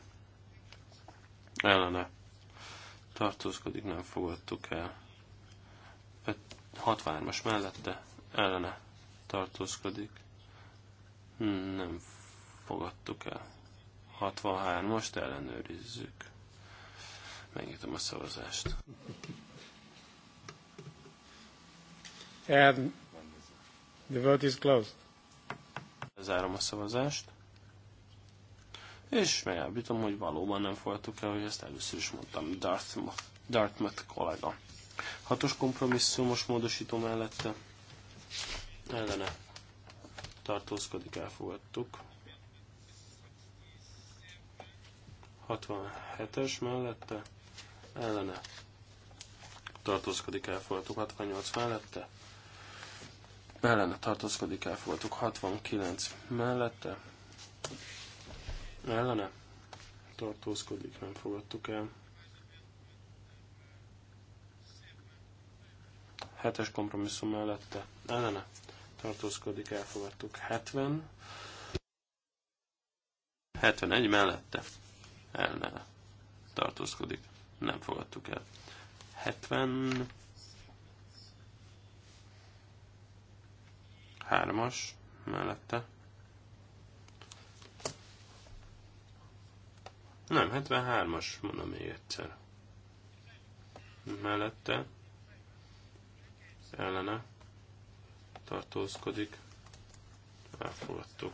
ellene tartózkodik, nem fogadtuk el. 63-as mellette, ellene tartózkodik, nem fogadtuk el. 63, most ellenőrizzük. Megnyitom a szavazást. And the vote is closed. Zárom a szavazást. És megállapítom, hogy valóban nem fogadtuk el, hogy ezt először is mondtam. Dartmouth, Dartmouth kollega. Hatos kompromisszumos módosító mellette ellene tartózkodik, elfogadtuk. 67-es mellette, ellene tartózkodik, elfogadtuk. 68 mellette, ellene tartózkodik, elfogadtuk. 69 mellette, ellene tartózkodik, nem fogadtuk el. hetes kompromisszum mellette ellene tartózkodik, elfogadtuk 70. 71 mellette el ne tartózkodik, nem fogadtuk el. 70 as mellette. Nem, 73-as, mondom még egyszer. Mellette. Ellene tartózkodik, elfogadtuk.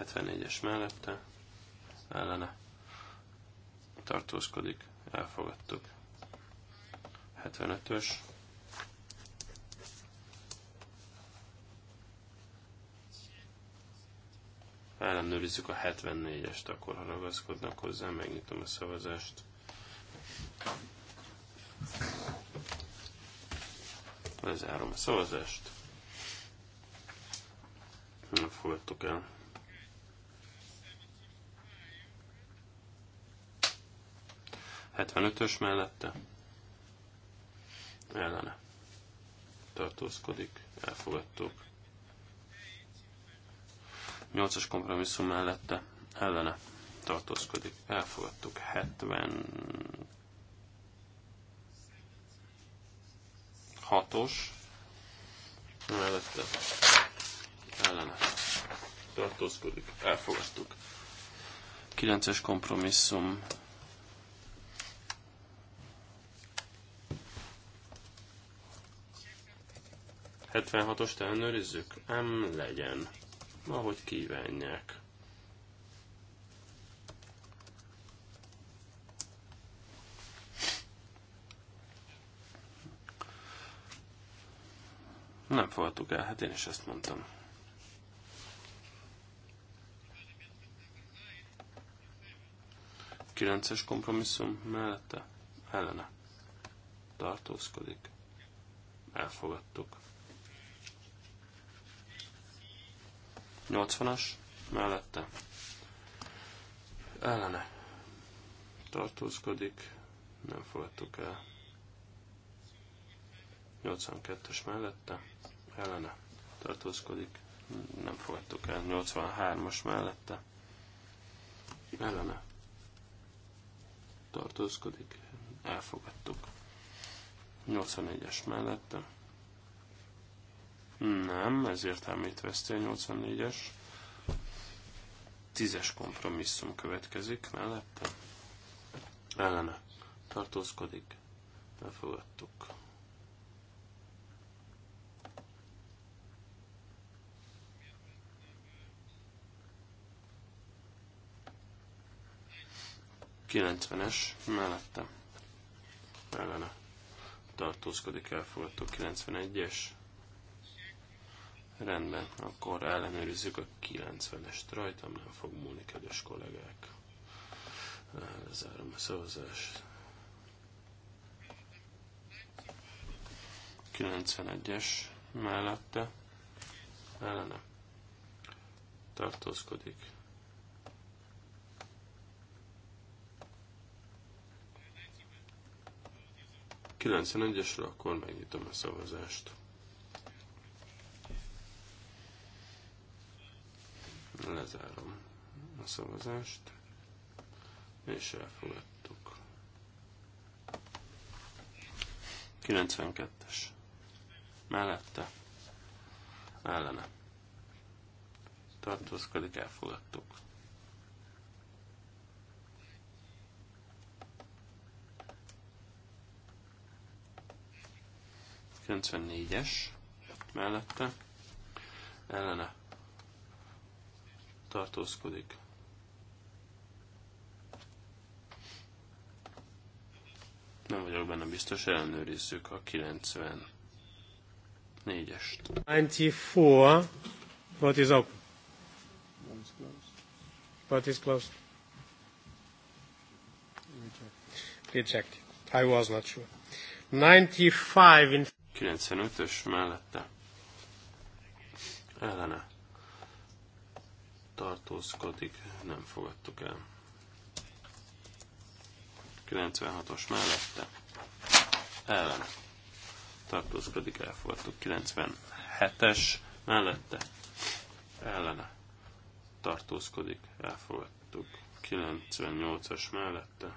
74-es mellette, ellene tartózkodik, elfogadtuk. 75-ös, ellenőrizzük a 74-est, akkor ha ragaszkodnak hozzá, megnyitom a szavazást. Lezárom a szavazást. Nem fogadtuk el. ös mellette. Ellene. Tartózkodik. Elfogadtuk. 8-as kompromisszum mellette. Ellene. Tartózkodik. Elfogadtuk. 70 6-os mellette ellene tartózkodik, elfogadtuk. 9-es kompromisszum os ellenőrizzük? Nem legyen. Ahogy kívánják. Nem fogadtuk el, hát én is ezt mondtam. Kilences kompromisszum mellette ellene tartózkodik. Elfogadtuk. 80-as mellette ellene tartózkodik, nem fogadtuk el. 82-es mellette ellene tartózkodik, nem fogadtuk el. 83-as mellette ellene tartózkodik, elfogadtuk. 84-es mellette. Nem, ezért említ vesztél 84-es. 10-es kompromisszum következik mellette. Ellene tartózkodik, elfogadtuk. 90-es mellette ellene tartózkodik, elfogadtuk 91-es. Rendben, akkor ellenőrizzük a 90-est rajtam, nem fog múlni, kedves kollégák. Lezárom a szavazást. 91-es mellette ellene tartózkodik, 91-esről, akkor megnyitom a szavazást. Lezárom a szavazást, és elfogadtuk. 92-es. Mellette. Ellene. Tartózkodik, elfogadtuk. 94-es mellette ellene tartózkodik. Nem vagyok benne biztos, ellenőrizzük a 94-est. 94, what is up? What is closed? Rejected. Rejected. I was not sure. 95 in 95-ös mellette ellene tartózkodik, nem fogadtuk el. 96-os mellette ellene tartózkodik, elfogadtuk. 97-es mellette ellene tartózkodik, elfogadtuk. 98-as mellette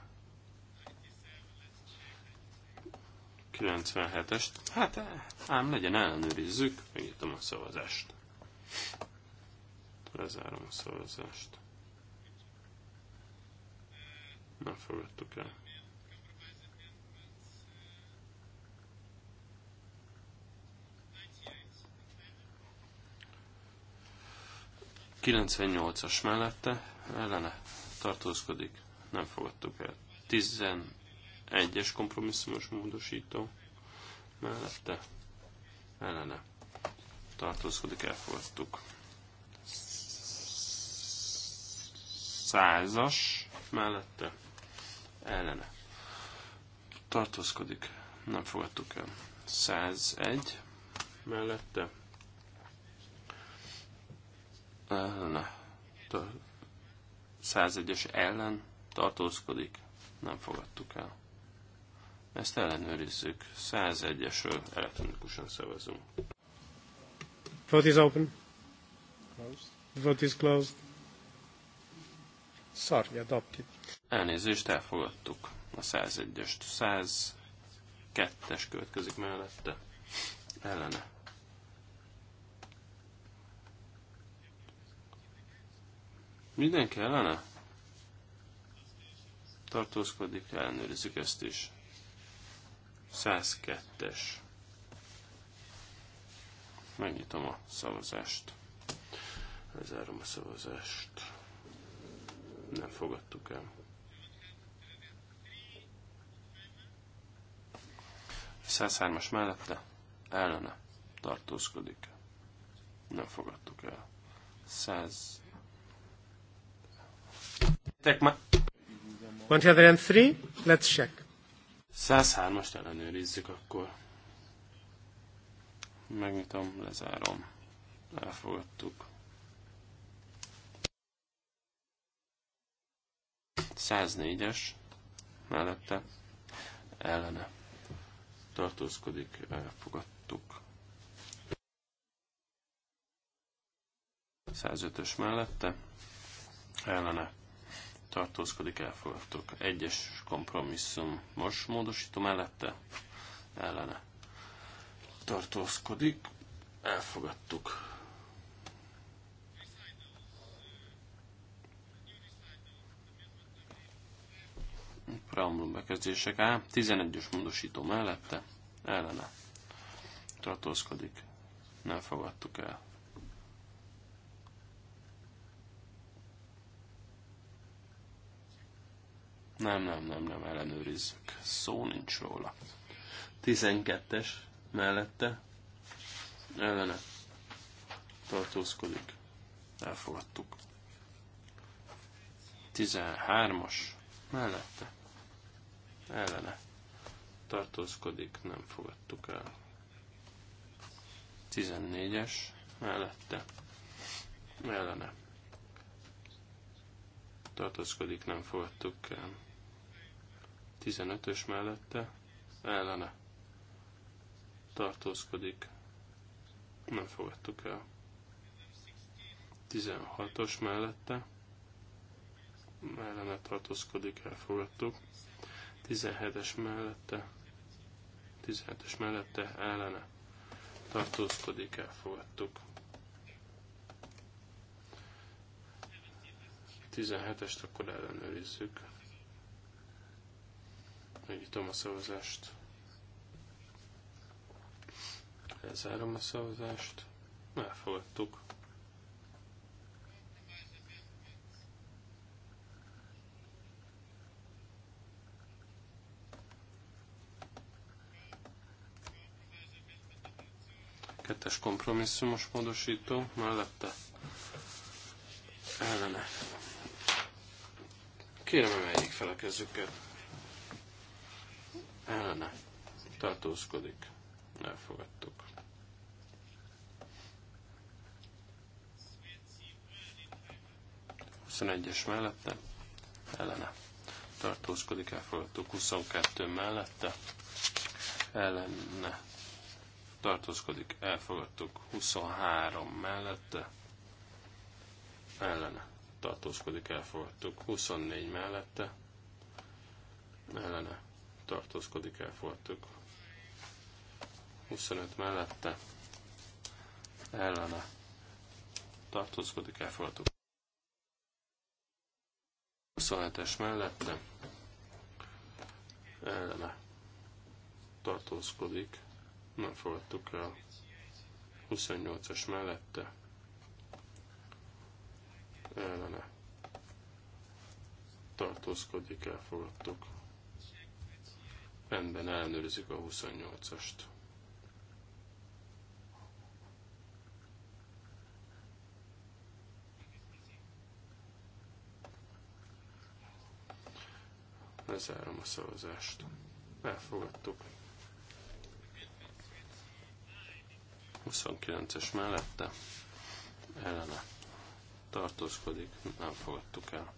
97-est. Hát ám legyen, ellenőrizzük. Megnyitom a szavazást. Lezárom a szavazást. Nem fogadtuk el. ...98-as mellette ellene tartózkodik. Nem fogadtuk el. Egyes kompromisszumos módosító mellette ellene tartózkodik, elfogadtuk. Százas mellette ellene tartózkodik, nem fogadtuk el. 101 mellette ellene 101-es ellen tartózkodik, nem fogadtuk el. Ezt ellenőrizzük. 101-esről elektronikusan szavazunk. Vote is open. Closed. Vote is closed. Sorry, adopted. Elnézést, elfogadtuk a 101-est. 102-es következik mellette. Ellene. Mindenki ellene? Tartózkodik, ellenőrizzük ezt is. 102-es. Megnyitom a szavazást. Lezárom a szavazást. Nem fogadtuk el. A 103-as mellette ellene tartózkodik. Nem fogadtuk el. 100. Tekma. 103, let's check. 103-ast ellenőrizzük akkor. Megnyitom, lezárom. Elfogadtuk. 104-es mellette ellene tartózkodik, elfogadtuk. 105-ös mellette ellene tartózkodik, elfogadtuk. Egyes kompromisszum most módosító mellette, ellene tartózkodik, elfogadtuk. Preambulum bekezdések A, 11-ös módosító mellette, ellene tartózkodik, nem fogadtuk el. Nem, nem, nem, nem, ellenőrizzük. Szó nincs róla. 12-es mellette ellene tartózkodik. Elfogadtuk. 13-as mellette ellene tartózkodik, nem fogadtuk el. 14-es mellette ellene tartózkodik, nem fogadtuk el. 15-ös mellette ellene tartózkodik. Nem fogadtuk el. 16-os mellette ellene tartózkodik, elfogadtuk. 17-es mellette 17-es mellette ellene tartózkodik, elfogadtuk. 17-est akkor ellenőrizzük. Megnyitom a szavazást. Lezárom a szavazást. Elfogadtuk. Kettes kompromisszumos módosító mellette ellene. Kérem, emeljék fel a kezüket ellene tartózkodik. Elfogadtuk. es mellette ellene tartózkodik, elfogadtuk 22 mellette ellene tartózkodik, elfogadtuk 23 mellette ellene tartózkodik, elfogadtuk 24 mellette ellene tartózkodik, elfogadtuk. 25 mellette ellene tartózkodik, elfogadtuk. 27-es mellette ellene tartózkodik, nem fogadtuk el. 28-as mellette ellene tartózkodik, elfogadtuk. Rendben, ellenőrizzük a 28-ast. Lezárom a szavazást. Elfogadtuk. 29-es mellette ellene tartózkodik, nem fogadtuk el.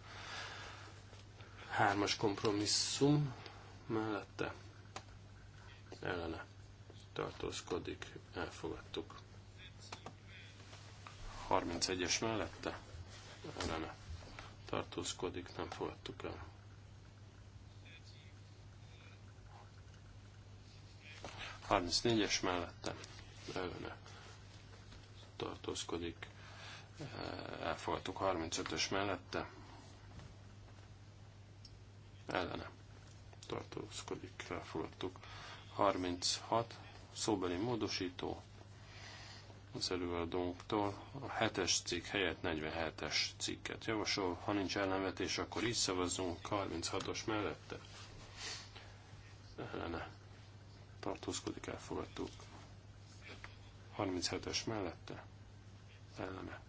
Hármas kompromisszum mellette ellene tartózkodik, elfogadtuk. 31-es mellette ellene tartózkodik, nem fogadtuk el. Harminc négyes mellette ellene tartózkodik, elfogadtuk 35-ös mellette ellene tartózkodik, elfogadtuk. 36 szóbeli módosító az előadónktól a 7-es cikk helyett 47-es cikket javasol. Ha nincs ellenvetés, akkor így szavazzunk 36-os mellette. Ellene tartózkodik, elfogadtuk. 37-es mellette ellene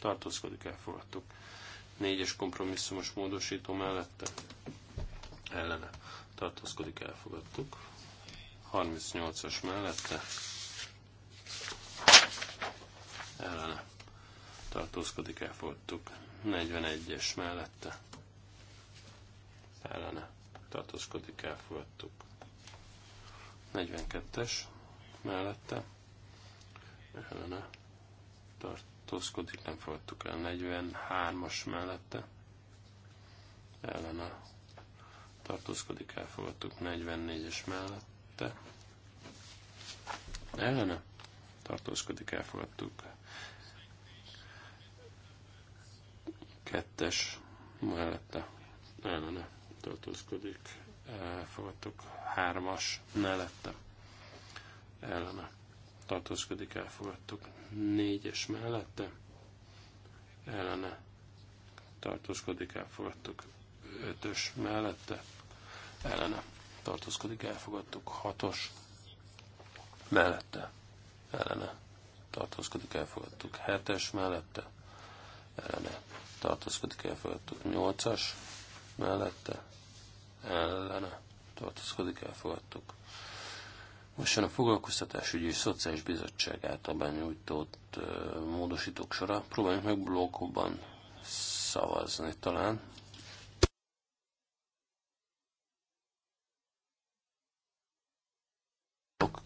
tartózkodik, elfogadtuk. 4-es kompromisszumos módosító mellette ellene tartózkodik, elfogadtuk. 38-as mellette ellene tartózkodik, elfogadtuk. 41-es mellette ellene tartózkodik, elfogadtuk. 42-es mellette ellene tartózkodik, nem fogadtuk el. 43-as mellette ellene tartózkodik, elfogadtuk 44-es mellette, ellene tartózkodik, elfogadtuk kettes mellette, ellene tartózkodik, elfogadtuk hármas mellette, ellene tartózkodik, elfogadtuk négyes mellette, ellene tartózkodik, elfogadtuk ötös mellette ellene tartózkodik, elfogadtuk, hatos mellette ellene tartózkodik, elfogadtuk, hetes mellette ellene tartózkodik, elfogadtuk, nyolcas mellette ellene tartózkodik, elfogadtuk. Most jön a foglalkoztatásügyi és szociális bizottság által benyújtott módosítók sora. Próbáljuk meg blokkokban szavazni talán.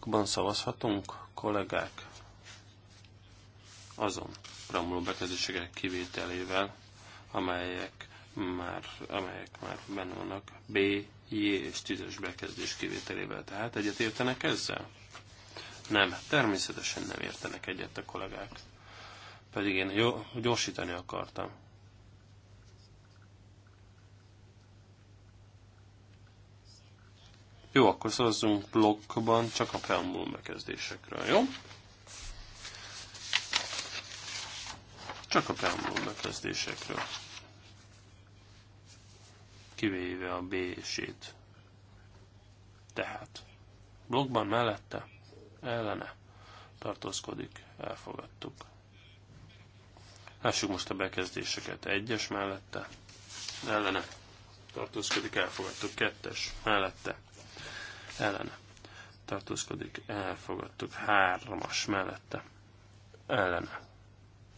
blokkban szavazhatunk, kollégák? Azon preambuló bekezdésekek kivételével, amelyek már, amelyek már benne vannak, B, J és 10-es bekezdés kivételével. Tehát egyet értenek ezzel? Nem, természetesen nem értenek egyet a kollégák. Pedig én jó, gyorsítani akartam. Jó, akkor szavazzunk blokkban csak a preambul bekezdésekről, jó? Csak a preambul bekezdésekről. Kivéve a B és Tehát, blokkban mellette, ellene tartózkodik, elfogadtuk. Lássuk most a bekezdéseket. Egyes mellette, ellene tartózkodik, elfogadtuk. Kettes mellette, ellene tartózkodik, elfogadtuk. Hármas mellette ellene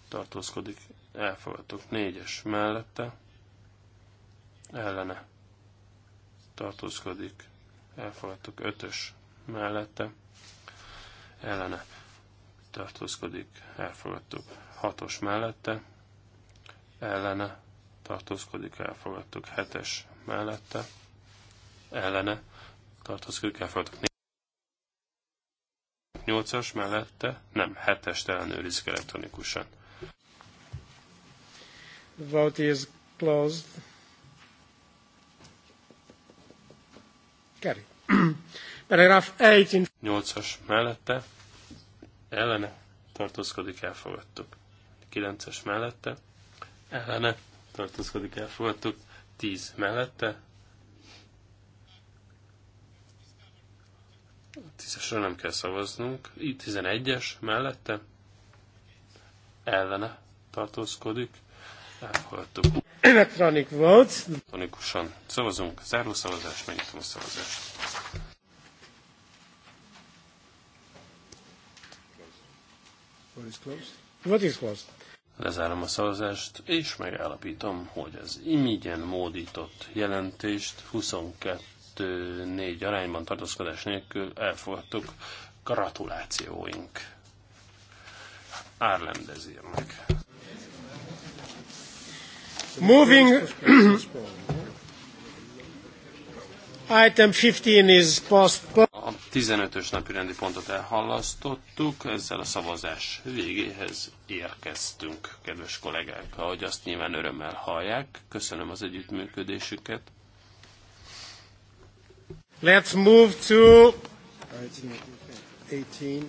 tartózkodik, elfogadtuk. Négyes mellette ellene tartózkodik, elfogadtuk. Ötös mellette ellene tartózkodik, elfogadtuk. Hatos mellette ellene tartózkodik, elfogadtuk. Hetes mellette ellene tartózkodik, elfogadtuk. 8-as mellette, nem, 7-est ellenőrizik elektronikusan. The vote is closed. Kerry. Paragraf 8. 8-as mellette, ellene, tartózkodik, elfogadtuk. 9-es mellette, ellene, tartózkodik, elfogadtuk. 10 mellette, Tízesre nem kell szavaznunk. Itt 11-es mellette ellene tartózkodik. Elfogadtuk. Electronic votes. Elektronikusan szavazunk. Záró szavazás, megnyitom a szavazást. What is closed? What is closed? Lezárom a szavazást, és megállapítom, hogy az imigyen módított jelentést 22 2-4 arányban tartózkodás nélkül elfogadtuk. Gratulációink! Árlem Dezirnek. Moving Item 15 is postponed. A 15-ös napi rendi pontot elhalasztottuk, ezzel a szavazás végéhez érkeztünk, kedves kollégák. Ahogy azt nyilván örömmel hallják, köszönöm az együttműködésüket. Let's move to item 18.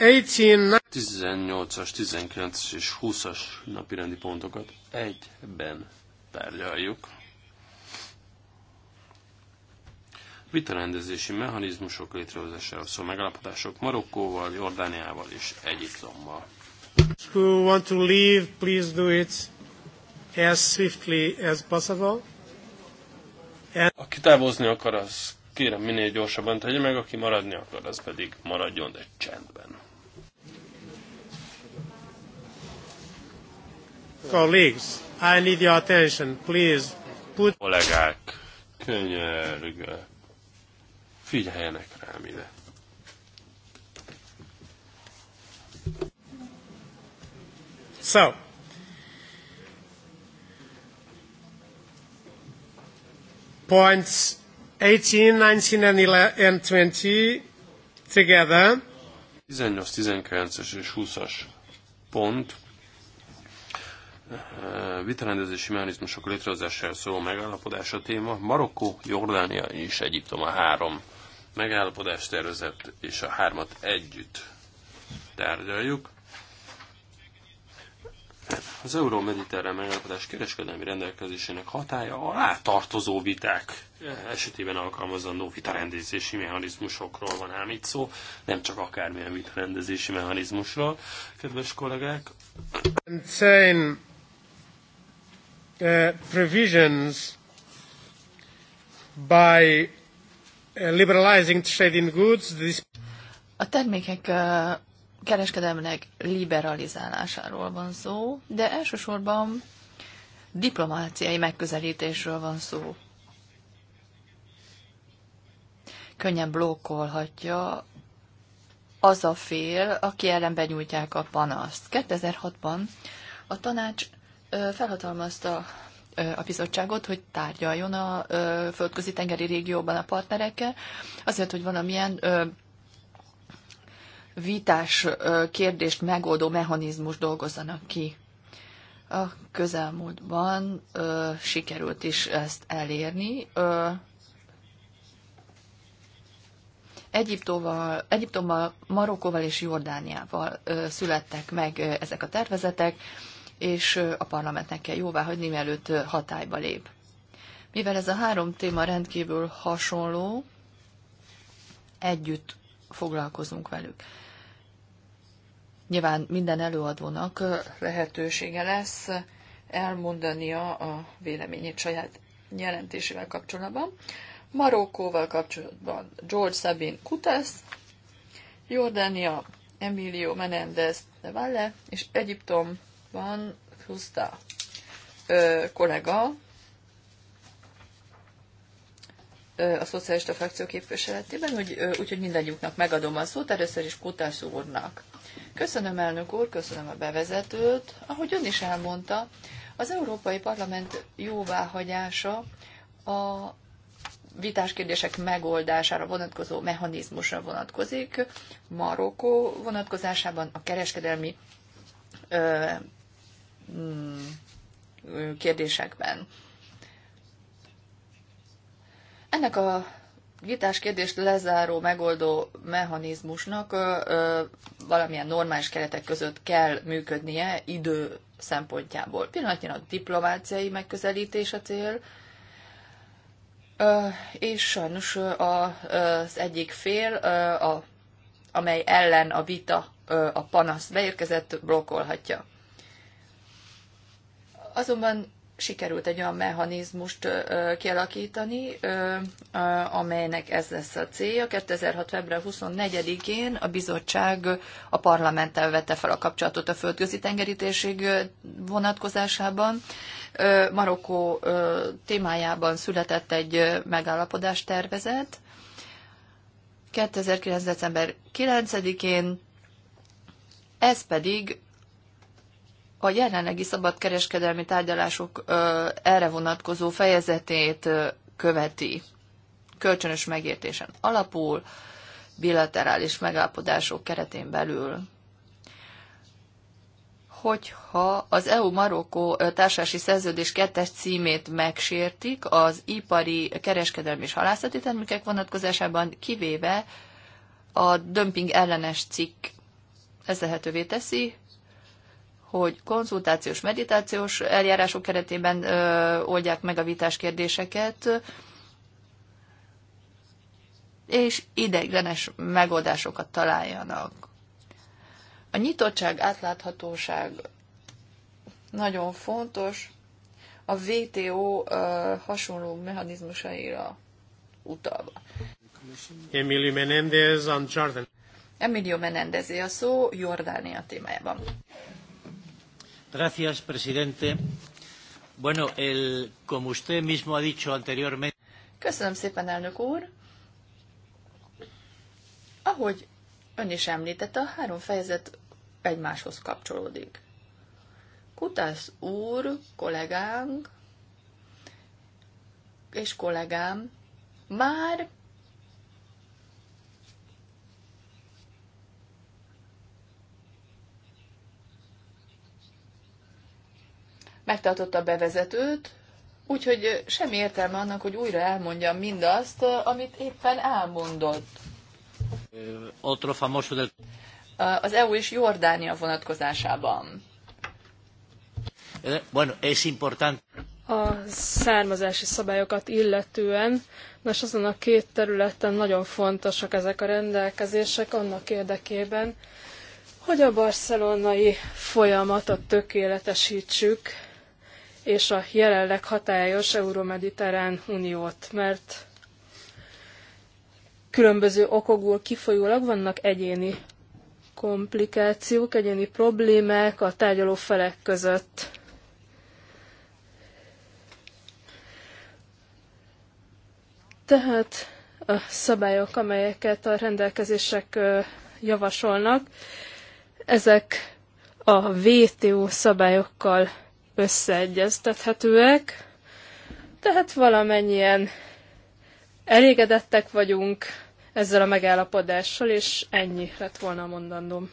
18-as, 19-es és 20-as napirendi pontokat egyben tárgyaljuk. Vitarendezési mechanizmusok létrehozására szól megállapodások Marokkóval, Jordániával és Egyiptommal. Who want to leave, please do it as swiftly as possible. And... Aki távozni akar, az kérem minél gyorsabban tegye meg, aki maradni akar, az pedig maradjon, de csendben. Colleagues, I need your attention, please. Put... Kollégák, könyörgő, figyeljenek rám ide. So, points 18, 19 and, 11, and 20 together. 18, 19-es és 20-as pont eh, vitarendezési mechanizmusok létrehozására szóló megállapodás a téma. Marokkó, Jordánia és Egyiptom a három megállapodás tervezett, és a hármat együtt tárgyaljuk. Az euró-mediterrán megállapodás kereskedelmi rendelkezésének hatája alá tartozó viták esetében alkalmazandó vitarendezési mechanizmusokról van ám itt szó, nem csak akármilyen vitarendezési mechanizmusról, kedves kollégák. Insane uh, provisions by uh, liberalizing trade in goods. This... A termékek uh kereskedelmnek liberalizálásáról van szó, de elsősorban diplomáciai megközelítésről van szó. Könnyen blokkolhatja az a fél, aki ellen benyújtják a panaszt. 2006-ban a tanács felhatalmazta a bizottságot, hogy tárgyaljon a földközi tengeri régióban a partnerekkel, azért, hogy valamilyen vitás kérdést megoldó mechanizmus dolgozzanak ki. A közelmúltban ö, sikerült is ezt elérni. Ö, Egyiptóval, Egyiptommal, Marokkóval és Jordániával ö, születtek meg ö, ezek a tervezetek, és ö, a parlamentnek kell jóvá hagyni, mielőtt ö, hatályba lép. Mivel ez a három téma rendkívül hasonló, együtt foglalkozunk velük. Nyilván minden előadónak lehetősége lesz elmondania a véleményét saját jelentésével kapcsolatban. Marokkóval kapcsolatban George Sabin Kutas, Jordánia Emilio Menendez de Valle, és Egyiptomban ö, kollega, a szocialista frakció képviseletében, úgy, úgyhogy mindannyiuknak megadom a szót, először is Kutász úrnak. Köszönöm, elnök úr, köszönöm a bevezetőt. Ahogy ön is elmondta, az Európai Parlament jóváhagyása a vitás kérdések megoldására vonatkozó mechanizmusra vonatkozik. Marokkó vonatkozásában a kereskedelmi ö, mm, kérdésekben. Ennek a vitás kérdést lezáró, megoldó mechanizmusnak ö, ö, valamilyen normális keretek között kell működnie idő szempontjából. Pillanatnyilag diplomáciai megközelítés a cél, ö, és sajnos a, az egyik fél, a, amely ellen a vita, a panasz beérkezett, blokkolhatja. Azonban sikerült egy olyan mechanizmust kialakítani, amelynek ez lesz a célja. 2006. február 24-én a bizottság a parlamenttel vette fel a kapcsolatot a földközi tengerítésség vonatkozásában. Marokkó témájában született egy megállapodás tervezet. 2009. december 9-én ez pedig a jelenlegi szabadkereskedelmi tárgyalások erre vonatkozó fejezetét követi kölcsönös megértésen alapul, bilaterális megállapodások keretén belül. Hogyha az EU-Marokkó társasi szerződés kettes címét megsértik az ipari, kereskedelmi és halászati termékek vonatkozásában, kivéve a dömping ellenes cikk. Ez lehetővé teszi, hogy konzultációs, meditációs eljárások keretében ö, oldják meg a vitás kérdéseket, és ideiglenes megoldásokat találjanak. A nyitottság, átláthatóság nagyon fontos a WTO ö, hasonló mechanizmusaira utalva. Emilio Menendez Emilio Menendez, a szó Jordánia témájában. Gracias, presidente. Bueno, el, como usted mismo ha dicho anteriormente... Köszönöm szépen, elnök úr. Ahogy ön is említette, a három fejezet egymáshoz kapcsolódik. Kutász úr, kollégánk és kollégám már megtartotta a bevezetőt, úgyhogy semmi értelme annak, hogy újra elmondjam mindazt, amit éppen elmondott. Eh, eh, az EU és Jordánia vonatkozásában. Eh, bueno, es importante. A származási szabályokat illetően, most azon a két területen nagyon fontosak ezek a rendelkezések annak érdekében, hogy a barcelonai folyamatot tökéletesítsük, és a jelenleg hatályos Euromediterrán Uniót, mert különböző okokból kifolyólag vannak egyéni komplikációk, egyéni problémák a tárgyaló felek között. Tehát a szabályok, amelyeket a rendelkezések javasolnak, ezek a WTO szabályokkal összeegyeztethetőek, tehát valamennyien elégedettek vagyunk ezzel a megállapodással, és ennyi lett volna a mondandóm.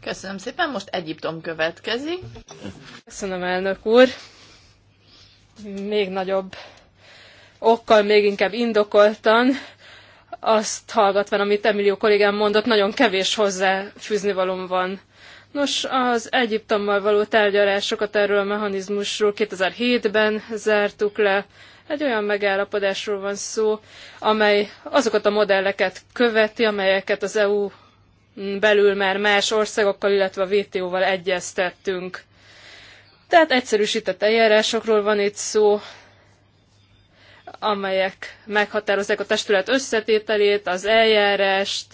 Köszönöm szépen, most Egyiptom következik. Köszönöm, elnök úr. Még nagyobb okkal, még inkább indokoltan azt hallgatva, amit Emilio kollégám mondott, nagyon kevés hozzá fűzni van Nos, az Egyiptommal való tárgyalásokat erről a mechanizmusról 2007-ben zártuk le. Egy olyan megállapodásról van szó, amely azokat a modelleket követi, amelyeket az EU belül már más országokkal, illetve a WTO-val egyeztettünk. Tehát egyszerűsített eljárásokról van itt szó, amelyek meghatározzák a testület összetételét, az eljárást,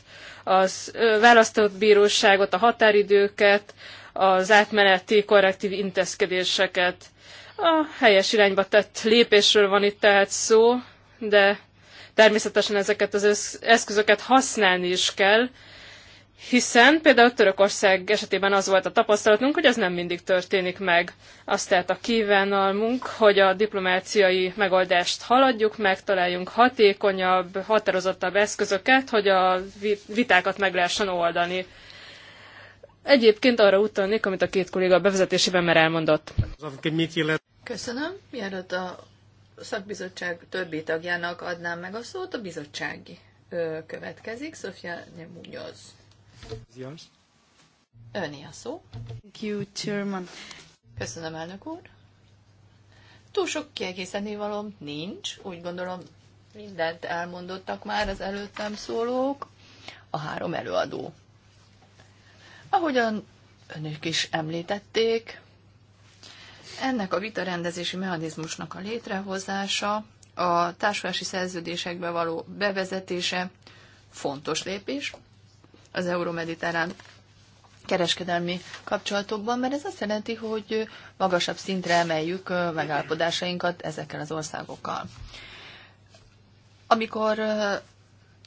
az választott bíróságot, a határidőket, az átmeneti korrektív intézkedéseket. A helyes irányba tett lépésről van itt tehát szó, de természetesen ezeket az eszközöket használni is kell, hiszen például Törökország esetében az volt a tapasztalatunk, hogy ez nem mindig történik meg. Azt tehát a kívánalmunk, hogy a diplomáciai megoldást haladjuk, meg, találjunk hatékonyabb, határozottabb eszközöket, hogy a vitákat meg lehessen oldani. Egyébként arra utalnék, amit a két kolléga a bevezetésében már elmondott. Köszönöm. Mielőtt a szakbizottság többi tagjának adnám meg a szót, a bizottsági következik. Sofia az? Öné a szó. Thank you, Chairman. Köszönöm, elnök úr. Túl sok kiegészíteni valom nincs, úgy gondolom mindent elmondottak már az előttem szólók, a három előadó. Ahogyan önök is említették, ennek a vitarendezési mechanizmusnak a létrehozása, a társulási szerződésekbe való bevezetése fontos lépés, az euromediterrán kereskedelmi kapcsolatokban, mert ez azt jelenti, hogy magasabb szintre emeljük megállapodásainkat ezekkel az országokkal. Amikor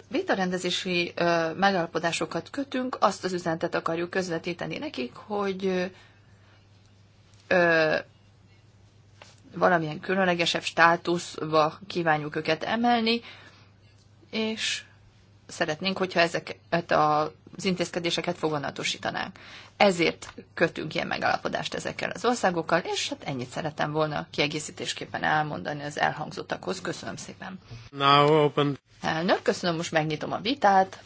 vétarendezési megállapodásokat kötünk, azt az üzenetet akarjuk közvetíteni nekik, hogy valamilyen különlegesebb státuszba kívánjuk őket emelni, és szeretnénk, hogyha ezeket az intézkedéseket foganatosítanánk. Ezért kötünk ilyen megállapodást ezekkel az országokkal, és hát ennyit szeretem volna kiegészítésképpen elmondani az elhangzottakhoz. Köszönöm szépen. Now open. Elnök, köszönöm, most megnyitom a vitát.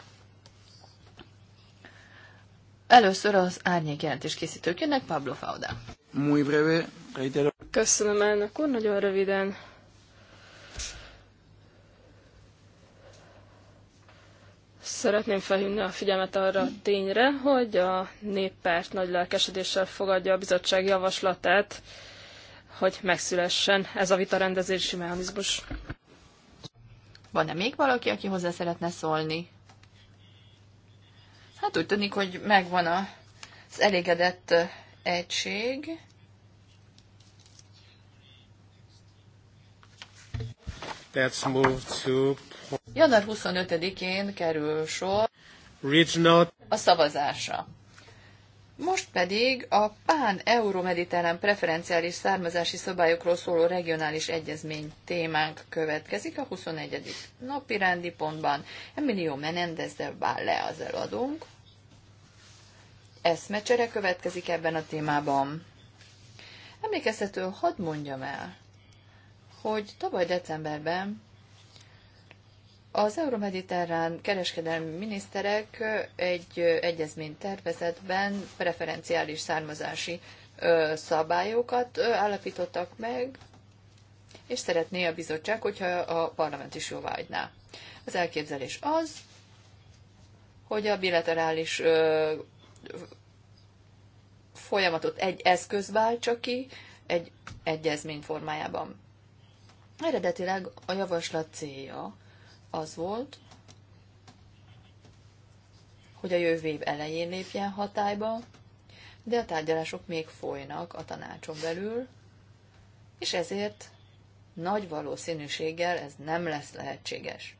Először az árnyék jelentés készítők jönnek, Pablo Fauda. Muy breve, reitero. Köszönöm elnök úr, nagyon röviden Szeretném felhívni a figyelmet arra a tényre, hogy a néppárt nagy lelkesedéssel fogadja a bizottság javaslatát, hogy megszülessen ez a vitarendezési mechanizmus. Van-e még valaki, aki hozzá szeretne szólni? Hát úgy tűnik, hogy megvan az elégedett egység. Let's move to Január 25-én kerül sor a szavazásra. Most pedig a pán euró preferenciális származási szabályokról szóló regionális egyezmény témánk következik a 21. napi rendi pontban. Emilio Menendez de Valle az eladónk. Eszmecsere következik ebben a témában. Emlékeztető, hadd mondjam el, hogy tavaly decemberben az euromediterrán kereskedelmi miniszterek egy egyezmény tervezetben preferenciális származási szabályokat állapítottak meg, és szeretné a bizottság, hogyha a parlament is jóváhagyná. Az elképzelés az, hogy a bilaterális folyamatot egy eszköz váltsa ki, egy egyezmény formájában. Eredetileg a javaslat célja, az volt, hogy a jövő év elején lépjen hatályba, de a tárgyalások még folynak a tanácson belül, és ezért nagy valószínűséggel ez nem lesz lehetséges.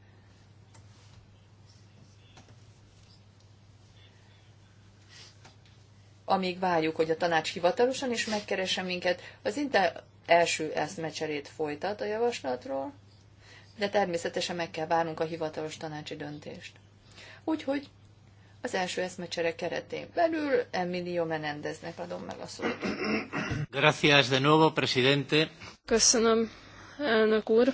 Amíg várjuk, hogy a tanács hivatalosan is megkeresse minket, az inte első eszmecserét folytat a javaslatról, de természetesen meg kell várnunk a hivatalos tanácsi döntést. Úgyhogy az első eszmecsere keretén belül Emilio Menendeznek adom meg a szót. Gracias de nuevo, presidente. Köszönöm, elnök úr.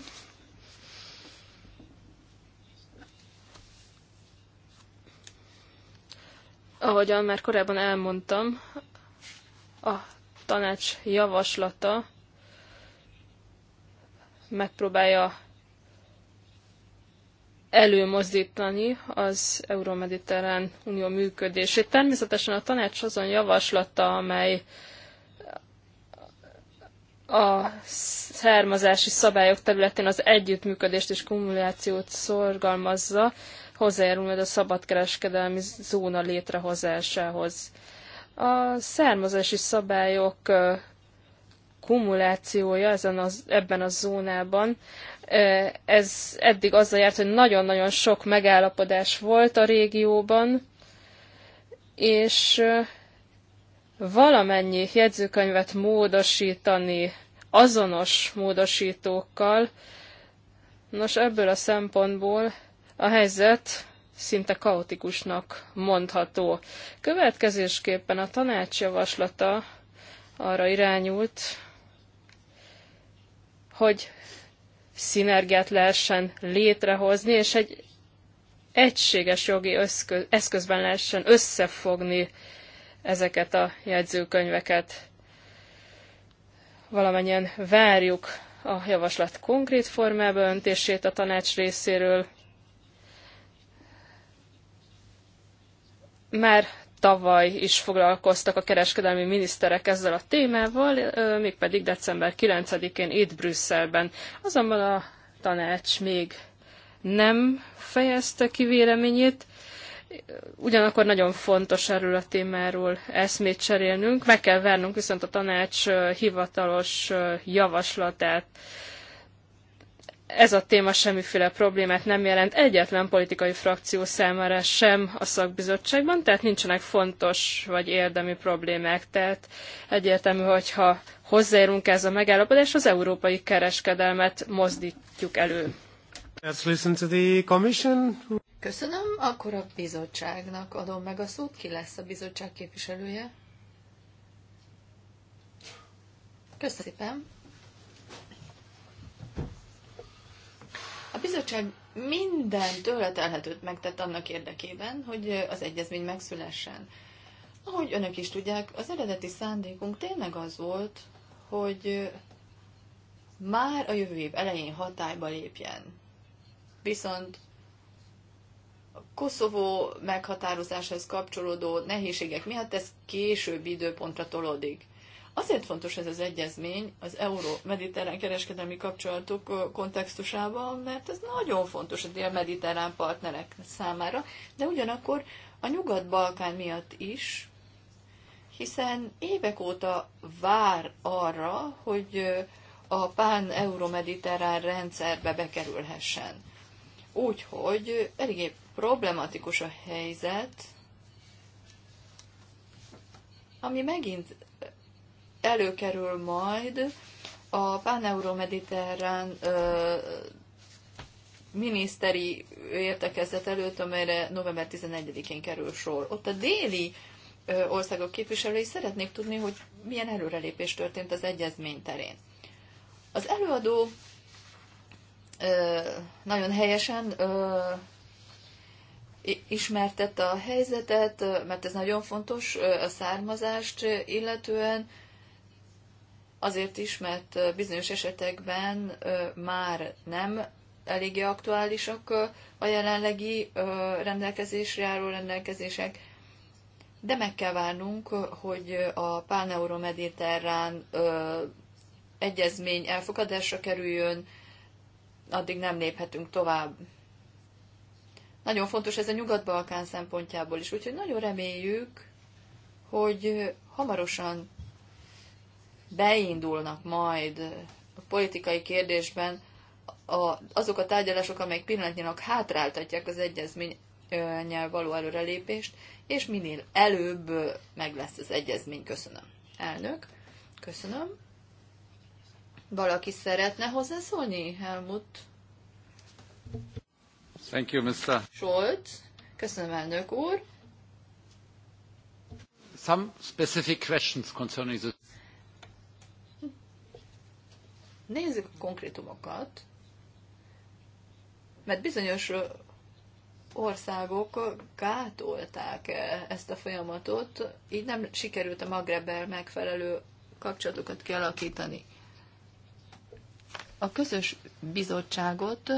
Ahogyan már korábban elmondtam, a tanács javaslata megpróbálja előmozdítani az Euró-Mediterrán Unió működését. Természetesen a tanács azon javaslata, amely a származási szabályok területén az együttműködést és kumulációt szorgalmazza, hozzájárul majd a szabadkereskedelmi zóna létrehozásához. A származási szabályok kumulációja ezen az, ebben a zónában ez eddig azzal járt, hogy nagyon-nagyon sok megállapodás volt a régióban, és valamennyi jegyzőkönyvet módosítani azonos módosítókkal, nos ebből a szempontból a helyzet szinte kaotikusnak mondható. Következésképpen a tanács javaslata arra irányult, hogy szinergiát lehessen létrehozni, és egy egységes jogi eszközben lehessen összefogni ezeket a jegyzőkönyveket. Valamennyien várjuk a javaslat konkrét formába öntését a tanács részéről. Már tavaly is foglalkoztak a kereskedelmi miniszterek ezzel a témával, mégpedig december 9-én itt Brüsszelben. Azonban a tanács még nem fejezte ki véleményét, ugyanakkor nagyon fontos erről a témáról eszmét cserélnünk, meg kell várnunk viszont a tanács hivatalos javaslatát ez a téma semmiféle problémát nem jelent egyetlen politikai frakció számára sem a szakbizottságban, tehát nincsenek fontos vagy érdemi problémák. Tehát egyértelmű, hogyha hozzáérünk ez a megállapodás, az európai kereskedelmet mozdítjuk elő. Let's listen to the commission. Köszönöm, akkor a bizottságnak adom meg a szót. Ki lesz a bizottság képviselője? Köszönöm A bizottság minden tőle telhetőt megtett annak érdekében, hogy az egyezmény megszülessen. Ahogy önök is tudják, az eredeti szándékunk tényleg az volt, hogy már a jövő év elején hatályba lépjen. Viszont a Koszovó meghatározáshoz kapcsolódó nehézségek miatt ez később időpontra tolódik. Azért fontos ez az egyezmény az euró-mediterrán kereskedelmi kapcsolatok kontextusában, mert ez nagyon fontos a dél-mediterrán partnerek számára, de ugyanakkor a Nyugat-Balkán miatt is, hiszen évek óta vár arra, hogy a pán-euromediterrán rendszerbe bekerülhessen. Úgyhogy eléggé problematikus a helyzet, ami megint előkerül majd a pán miniszteri értekezlet előtt, amelyre november 11-én kerül sor. Ott a déli országok képviselői szeretnék tudni, hogy milyen előrelépés történt az egyezmény terén. Az előadó nagyon helyesen ismertette a helyzetet, mert ez nagyon fontos a származást illetően, azért is, mert bizonyos esetekben már nem eléggé aktuálisak a jelenlegi rendelkezésre álló rendelkezések, de meg kell várnunk, hogy a Pálneuro-Mediterrán egyezmény elfogadásra kerüljön, addig nem léphetünk tovább. Nagyon fontos ez a Nyugat-Balkán szempontjából is, úgyhogy nagyon reméljük, hogy hamarosan beindulnak majd a politikai kérdésben a, azok a tárgyalások, amelyek pillanatnyilag hátráltatják az egyezménnyel való előrelépést, és minél előbb meg lesz az egyezmény. Köszönöm. Elnök, köszönöm. Valaki szeretne hozzászólni, Helmut? Thank you, Mr. Scholz. Köszönöm, elnök úr. Some specific questions concerning this. Nézzük a konkrétumokat, mert bizonyos országok gátolták e, ezt a folyamatot, így nem sikerült a Magrebel megfelelő kapcsolatokat kialakítani. A közös bizottságot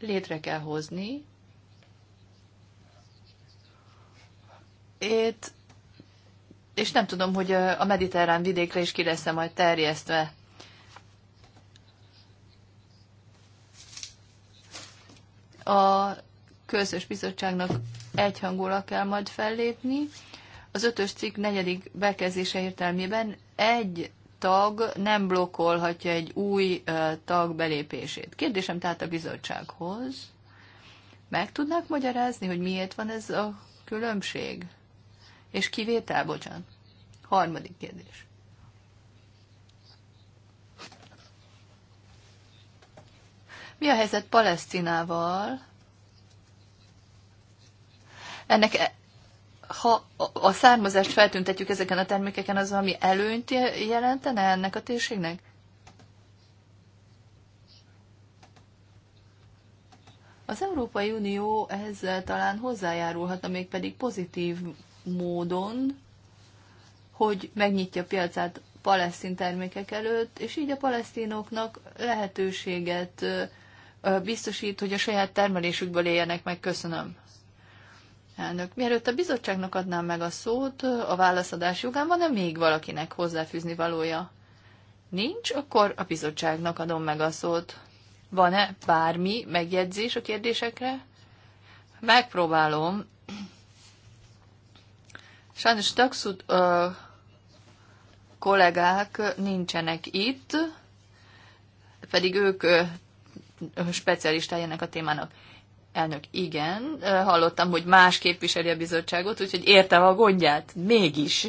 létre kell hozni. Ét, és nem tudom, hogy a mediterrán vidékre is ki lesz majd terjesztve a közös bizottságnak egyhangulag kell majd fellépni. Az ötös cikk negyedik bekezdése értelmében egy tag nem blokkolhatja egy új tag belépését. Kérdésem tehát a bizottsághoz. Meg tudnák magyarázni, hogy miért van ez a különbség? És kivétel, bocsánat. Harmadik kérdés. Mi a helyzet Palesztinával? Ennek, e- ha a származást feltüntetjük ezeken a termékeken, az valami előnyt jelentene ennek a térségnek? Az Európai Unió ezzel talán hozzájárulhatna még pedig pozitív módon, hogy megnyitja piacát palesztin termékek előtt, és így a palesztinoknak lehetőséget biztosít, hogy a saját termelésükből éljenek meg. Köszönöm. Elnök, mielőtt a bizottságnak adnám meg a szót, a válaszadás jogán van-e még valakinek hozzáfűzni valója? Nincs, akkor a bizottságnak adom meg a szót. Van-e bármi megjegyzés a kérdésekre? Megpróbálom. Sajnos taxut ö, kollégák nincsenek itt, pedig ők specialistája ennek a témának. Elnök, igen, hallottam, hogy más képviseli a bizottságot, úgyhogy értem a gondját, mégis.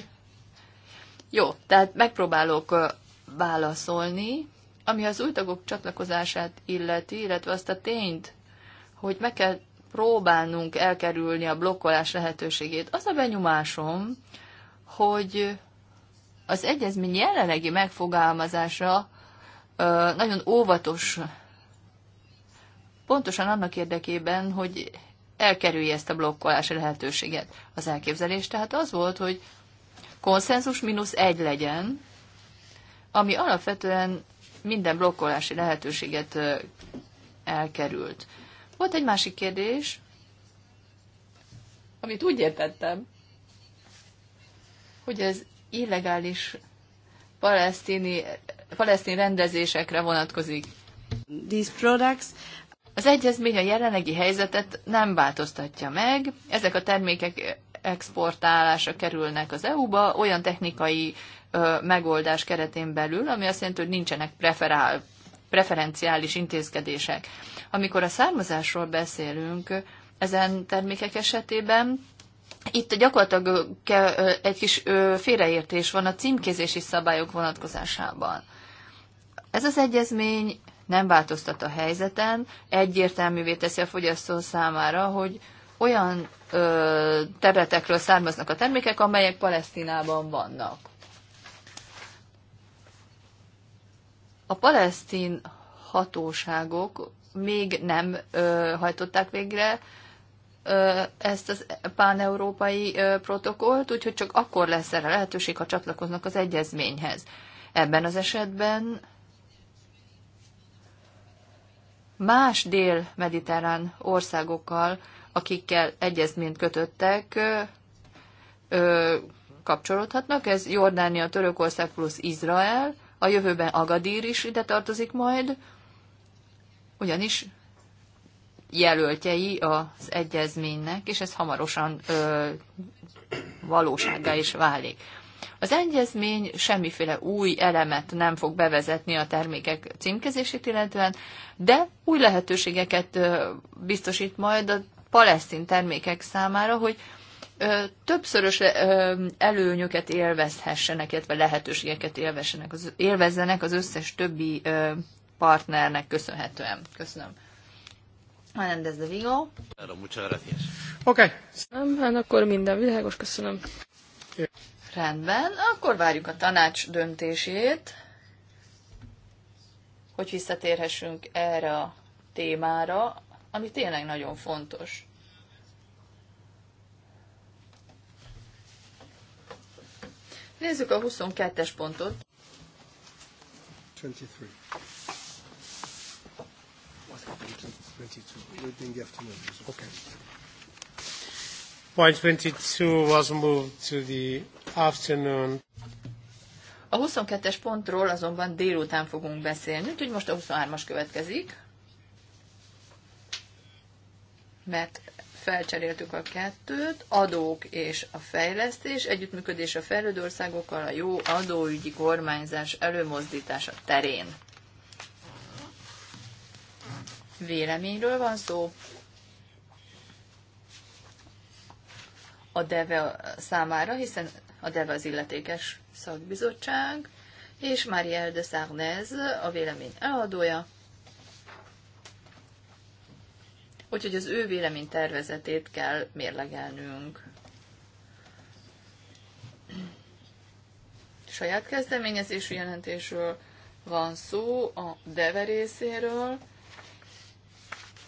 Jó, tehát megpróbálok válaszolni, ami az új tagok csatlakozását illeti, illetve azt a tényt, hogy meg kell próbálnunk elkerülni a blokkolás lehetőségét. Az a benyomásom, hogy az egyezmény jelenlegi megfogalmazása nagyon óvatos pontosan annak érdekében, hogy elkerülje ezt a blokkolási lehetőséget. Az elképzelés tehát az volt, hogy konszenzus mínusz egy legyen, ami alapvetően minden blokkolási lehetőséget elkerült. Volt egy másik kérdés, amit úgy értettem, hogy ez illegális palesztini, palesztini rendezésekre vonatkozik. These products az egyezmény a jelenlegi helyzetet nem változtatja meg, ezek a termékek exportálása kerülnek az EU-ba olyan technikai ö, megoldás keretén belül, ami azt jelenti, hogy nincsenek preferál, preferenciális intézkedések. Amikor a származásról beszélünk ezen termékek esetében, itt gyakorlatilag egy kis félreértés van a címkézési szabályok vonatkozásában. Ez az egyezmény nem változtat a helyzeten, egyértelművé teszi a fogyasztó számára, hogy olyan ö, területekről származnak a termékek, amelyek Palesztinában vannak. A palesztin hatóságok még nem ö, hajtották végre ö, ezt az páneurópai ö, protokollt, úgyhogy csak akkor lesz erre lehetőség, ha csatlakoznak az egyezményhez. Ebben az esetben más dél-mediterrán országokkal, akikkel egyezményt kötöttek, kapcsolódhatnak. Ez Jordánia, Törökország plusz Izrael, a jövőben Agadír is ide tartozik majd, ugyanis jelöltjei az egyezménynek, és ez hamarosan ö, valósággá is válik. Az egyezmény semmiféle új elemet nem fog bevezetni a termékek címkezését illetően, de új lehetőségeket biztosít majd a palesztin termékek számára, hogy többszörös előnyöket élvezhessenek, illetve lehetőségeket élvezzenek az, élvezzenek az összes többi partnernek köszönhetően. Köszönöm. Menendez de Vigo. Oké. Okay. Nem, hát akkor minden világos, köszönöm. Rendben, akkor várjuk a tanács döntését, hogy visszatérhessünk erre a témára, ami tényleg nagyon fontos. Nézzük a 22-es pontot. 23. What 22? We didn't get to Okay. Point 22 was moved to the afternoon. A 22-es pontról azonban délután fogunk beszélni, úgyhogy most a 23-as következik, mert felcseréltük a kettőt, adók és a fejlesztés, együttműködés a fejlődő országokkal a jó adóügyi kormányzás előmozdítása terén. Véleményről van szó, a DEVE számára, hiszen a DEVE az illetékes szakbizottság, és Marielle de Sarnez a vélemény eladója. Úgyhogy az ő vélemény tervezetét kell mérlegelnünk. Saját kezdeményezésű jelentésről van szó, a DEVE részéről,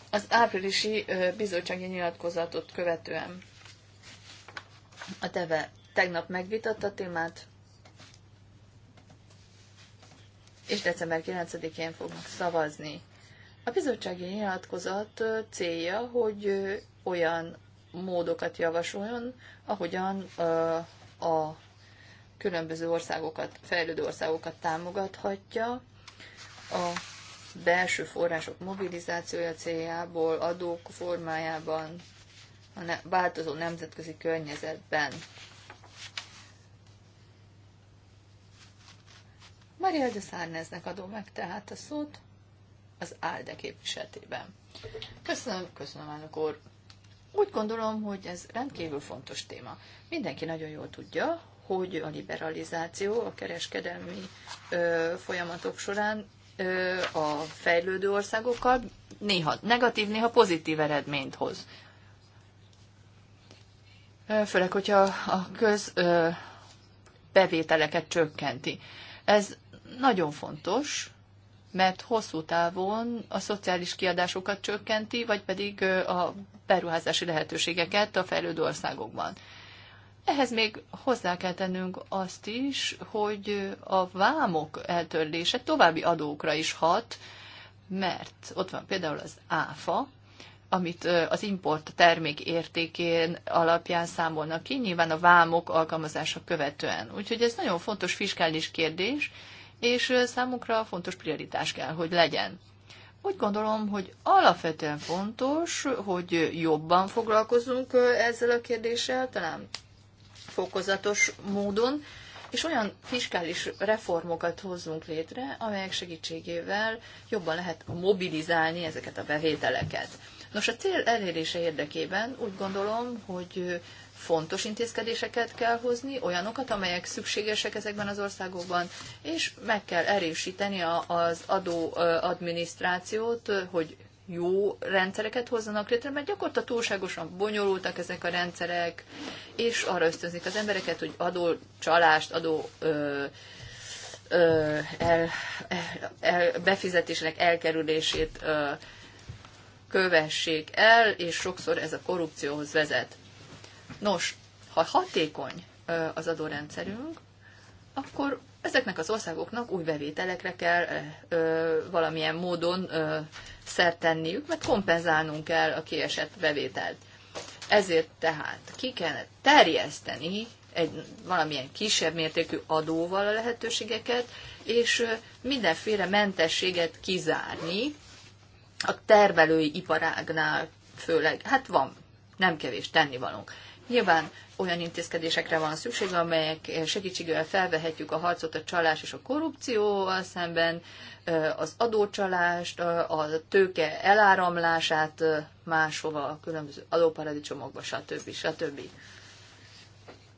az áprilisi bizottsági nyilatkozatot követően. A teve tegnap megvitatta a témát, és december 9-én fognak szavazni. A bizottsági nyilatkozat célja, hogy olyan módokat javasoljon, ahogyan a különböző országokat, fejlődő országokat támogathatja. A belső források mobilizációja céljából, adók formájában, a ne- változó nemzetközi környezetben. Maria de Szárneznek adom meg tehát a szót az Álde képviseletében. Köszönöm, köszönöm, elnök úr. Úgy gondolom, hogy ez rendkívül fontos téma. Mindenki nagyon jól tudja, hogy a liberalizáció a kereskedelmi ö, folyamatok során ö, a fejlődő országokkal néha negatív, néha pozitív eredményt hoz főleg, hogyha a köz bevételeket csökkenti. Ez nagyon fontos, mert hosszú távon a szociális kiadásokat csökkenti, vagy pedig a beruházási lehetőségeket a fejlődő országokban. Ehhez még hozzá kell tennünk azt is, hogy a vámok eltörlése további adókra is hat, mert ott van például az áfa, amit az import termék értékén alapján számolnak ki, nyilván a vámok alkalmazása követően. Úgyhogy ez nagyon fontos fiskális kérdés, és számukra fontos prioritás kell, hogy legyen. Úgy gondolom, hogy alapvetően fontos, hogy jobban foglalkozunk ezzel a kérdéssel, talán fokozatos módon, és olyan fiskális reformokat hozzunk létre, amelyek segítségével jobban lehet mobilizálni ezeket a bevételeket. Nos, a cél elérése érdekében úgy gondolom, hogy fontos intézkedéseket kell hozni, olyanokat, amelyek szükségesek ezekben az országokban, és meg kell erősíteni az adóadminisztrációt, hogy jó rendszereket hozzanak létre, mert gyakorta túlságosan bonyolultak ezek a rendszerek, és arra ösztönzik az embereket, hogy adó csalást, adó ö, ö, el, el, el, befizetésnek elkerülését ö, kövessék el, és sokszor ez a korrupcióhoz vezet. Nos, ha hatékony az adórendszerünk, akkor ezeknek az országoknak új bevételekre kell ö, valamilyen módon ö, szert tenniük, mert kompenzálnunk kell a kiesett bevételt. Ezért tehát ki kell terjeszteni egy valamilyen kisebb mértékű adóval a lehetőségeket, és mindenféle mentességet kizárni, a tervelői iparágnál főleg, hát van nem kevés tennivalónk. Nyilván olyan intézkedésekre van szükség, amelyek segítségével felvehetjük a harcot a csalás és a korrupcióval szemben, az adócsalást, a tőke eláramlását máshova, a különböző adóparadicsomokba, stb. stb.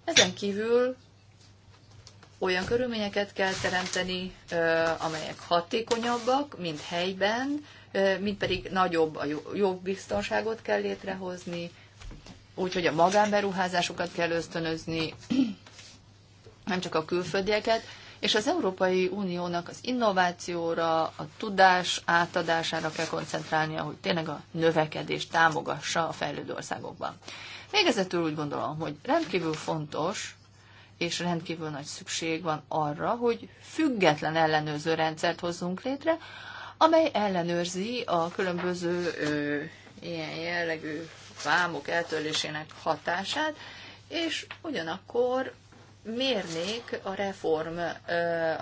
Ezen kívül olyan körülményeket kell teremteni, amelyek hatékonyabbak, mint helyben, mint pedig nagyobb, a jobb biztonságot kell létrehozni, úgyhogy a magánberuházásokat kell ösztönözni, nem csak a külföldieket, és az Európai Uniónak az innovációra, a tudás átadására kell koncentrálnia, hogy tényleg a növekedést támogassa a fejlődő országokban. Végezetül úgy gondolom, hogy rendkívül fontos, és rendkívül nagy szükség van arra, hogy független ellenőrző rendszert hozzunk létre, amely ellenőrzi a különböző ö, ilyen jellegű vámok eltörlésének hatását, és ugyanakkor mérnék a reform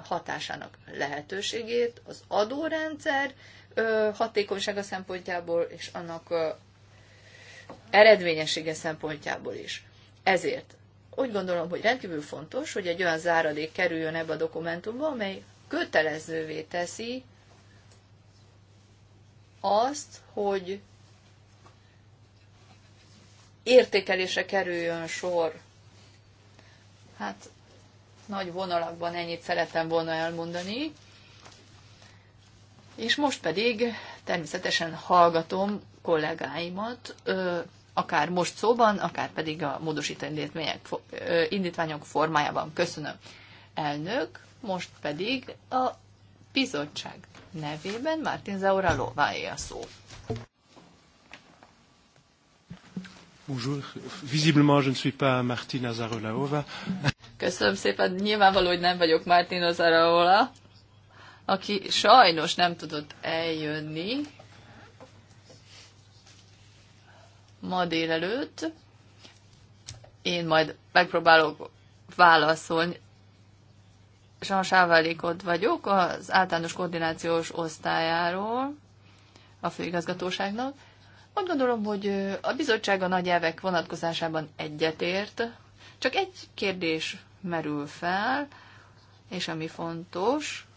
hatásának lehetőségét, az adórendszer hatékonysága szempontjából és annak eredményessége szempontjából is. Ezért úgy gondolom, hogy rendkívül fontos, hogy egy olyan záradék kerüljön ebbe a dokumentumba, amely kötelezővé teszi azt, hogy értékelése kerüljön sor. Hát nagy vonalakban ennyit szerettem volna elmondani. És most pedig természetesen hallgatom kollégáimat, akár most szóban, akár pedig a módosító indítványok formájában. Köszönöm, elnök. Most pedig a bizottság nevében Martin Zaura Lováé a szó. Bonjour. Visiblement, je ne suis pas Martina Zarolaova. Köszönöm szépen. Nyilvánvaló, hogy nem vagyok Martina Zaraola, aki sajnos nem tudott eljönni ma délelőtt. Én majd megpróbálok válaszolni Jean Sáválik ott vagyok, az általános koordinációs osztályáról a főigazgatóságnak. Azt gondolom, hogy a bizottság a nagy elvek vonatkozásában egyetért, csak egy kérdés merül fel, és ami fontos,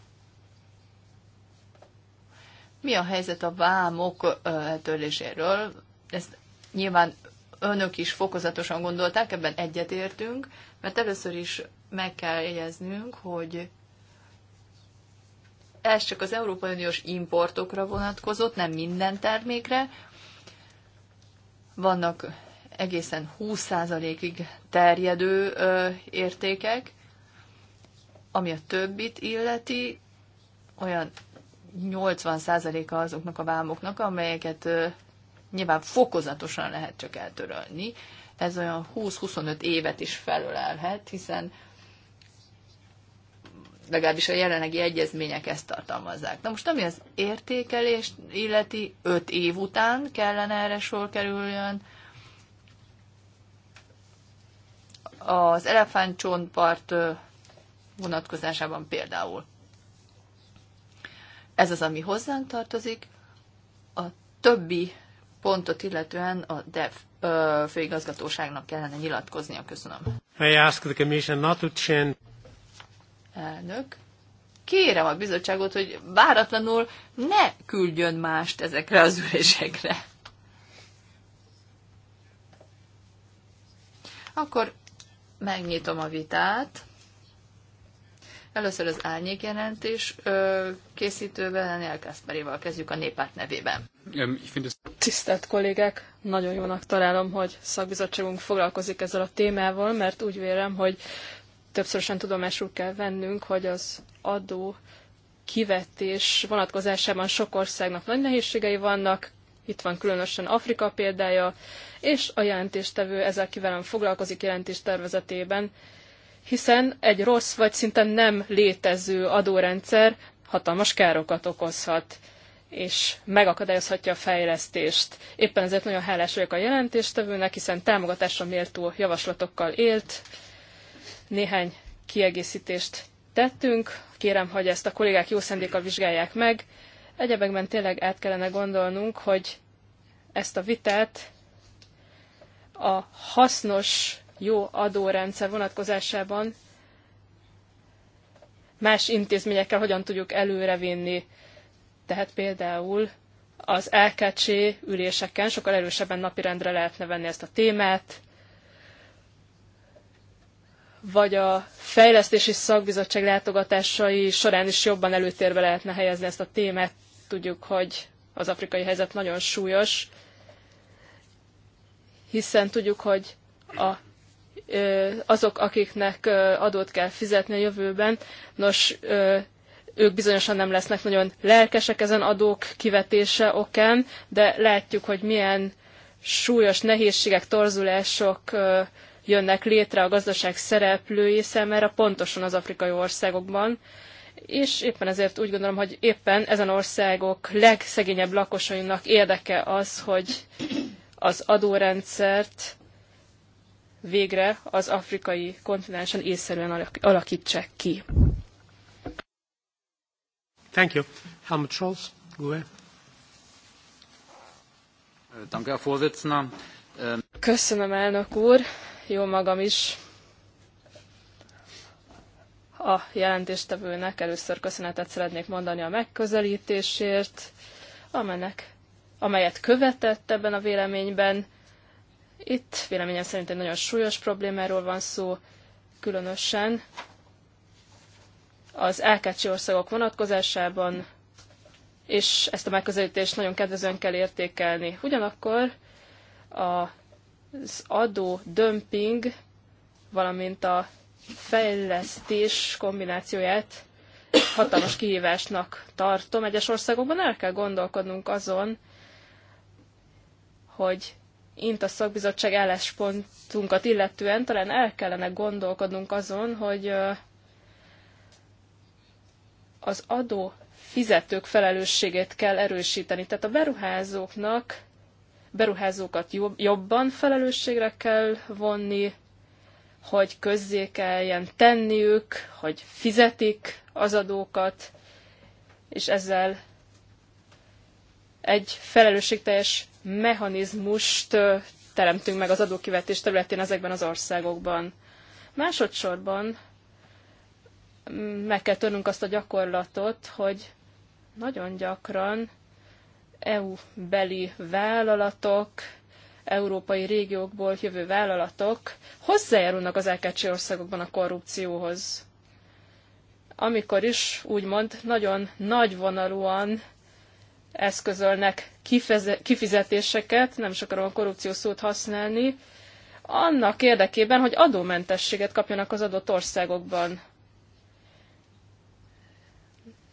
mi a helyzet a vámok eltörléséről? Ezt nyilván önök is fokozatosan gondolták, ebben egyetértünk, mert először is meg kell jegyeznünk, hogy ez csak az Európai Uniós importokra vonatkozott, nem minden termékre. Vannak egészen 20%-ig terjedő ö, értékek, ami a többit illeti, olyan 80%-a azoknak a vámoknak, amelyeket ö, nyilván fokozatosan lehet csak eltörölni. Ez olyan 20-25 évet is felölelhet, hiszen legalábbis a jelenlegi egyezmények ezt tartalmazzák. Na most ami az értékelést illeti, öt év után kellene erre sor kerüljön, az elefántcsontpart vonatkozásában például. Ez az, ami hozzánk tartozik. A többi pontot illetően a DEV főigazgatóságnak kellene nyilatkoznia. Köszönöm. I ask the commission not to change elnök, kérem a bizottságot, hogy váratlanul ne küldjön mást ezekre az ülésekre. Akkor megnyitom a vitát. Először az árnyék jelentés készítővel, Daniel Kasparival kezdjük a népát nevében. Tisztelt kollégák, nagyon jónak találom, hogy szakbizottságunk foglalkozik ezzel a témával, mert úgy vélem, hogy többszörösen tudomásul kell vennünk, hogy az adó kivetés vonatkozásában sok országnak nagy nehézségei vannak, itt van különösen Afrika példája, és a jelentéstevő ezzel kivelem foglalkozik jelentéstervezetében, hiszen egy rossz vagy szinte nem létező adórendszer hatalmas károkat okozhat és megakadályozhatja a fejlesztést. Éppen ezért nagyon hálás vagyok a jelentéstevőnek, hiszen támogatásra méltó javaslatokkal élt, néhány kiegészítést tettünk, kérem, hogy ezt a kollégák jó szendéka vizsgálják meg. Egyebekben tényleg át kellene gondolnunk, hogy ezt a vitát a hasznos, jó adórendszer vonatkozásában más intézményekkel hogyan tudjuk előrevinni. Tehát például az LKC üléseken sokkal erősebben napirendre lehetne venni ezt a témát, vagy a fejlesztési szakbizottság látogatásai során is jobban előtérbe lehetne helyezni ezt a témát. Tudjuk, hogy az afrikai helyzet nagyon súlyos, hiszen tudjuk, hogy a, azok, akiknek adót kell fizetni a jövőben, nos, ők bizonyosan nem lesznek nagyon lelkesek ezen adók kivetése okán, de látjuk, hogy milyen súlyos nehézségek, torzulások jönnek létre a gazdaság szereplői számára pontosan az afrikai országokban, és éppen ezért úgy gondolom, hogy éppen ezen országok legszegényebb lakosainak érdeke az, hogy az adórendszert végre az afrikai kontinensen észszerűen alakítsák ki. Thank you. Helmut Scholz, Köszönöm, elnök úr jó magam is a jelentéstevőnek először köszönetet szeretnék mondani a megközelítésért, amelynek, amelyet követett ebben a véleményben. Itt véleményem szerint egy nagyon súlyos problémáról van szó, különösen az LKC országok vonatkozásában, és ezt a megközelítést nagyon kedvezően kell értékelni. Ugyanakkor a az adó dömping, valamint a fejlesztés kombinációját hatalmas kihívásnak tartom. Egyes országokban el kell gondolkodnunk azon, hogy int a szakbizottság álláspontunkat illetően talán el kellene gondolkodnunk azon, hogy az adó fizetők felelősségét kell erősíteni. Tehát a beruházóknak beruházókat jobban felelősségre kell vonni, hogy közzé kelljen tenniük, hogy fizetik az adókat, és ezzel egy felelősségteljes mechanizmust teremtünk meg az adókivetés területén ezekben az országokban. Másodszorban meg kell törnünk azt a gyakorlatot, hogy nagyon gyakran EU-beli vállalatok, európai régiókból jövő vállalatok hozzájárulnak az elkecsi országokban a korrupcióhoz. Amikor is úgymond nagyon nagyvonalúan eszközölnek kifizetéseket, nem is akarom a korrupció szót használni, annak érdekében, hogy adómentességet kapjanak az adott országokban.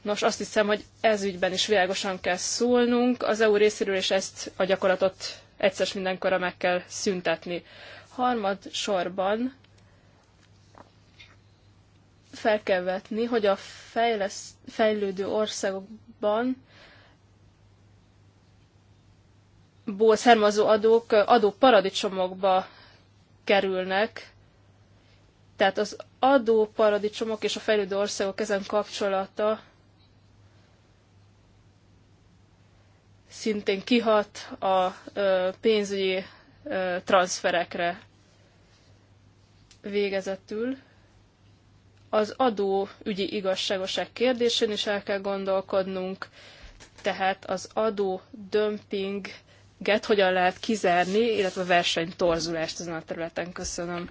Nos, azt hiszem, hogy ez ügyben is világosan kell szólnunk az EU részéről, és ezt a gyakorlatot egyszer mindenkorra meg kell szüntetni. Harmad sorban fel kell vetni, hogy a fejlesz, fejlődő országokban ból származó adók adó paradicsomokba kerülnek, tehát az adóparadicsomok és a fejlődő országok ezen kapcsolata szintén kihat a pénzügyi transzferekre végezetül. Az adó ügyi igazságoság kérdésén is el kell gondolkodnunk, tehát az adó dömpinget hogyan lehet kizárni, illetve versenytorzulást ezen a területen. Köszönöm.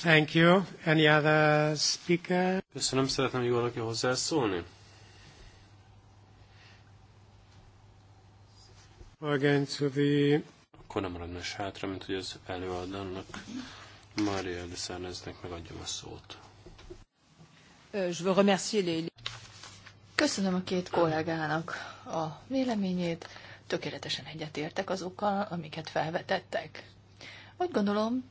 Thank you. Any other speaker? Köszönöm, szeretném, hogy valaki hozzászólni. Again to the... Akkor nem maradna hátra, mint hogy az előadónak Maria de Szerneznek megadjam a szót. Köszönöm a két kollégának a véleményét. Tökéletesen egyetértek azokkal, amiket felvetettek. Úgy gondolom,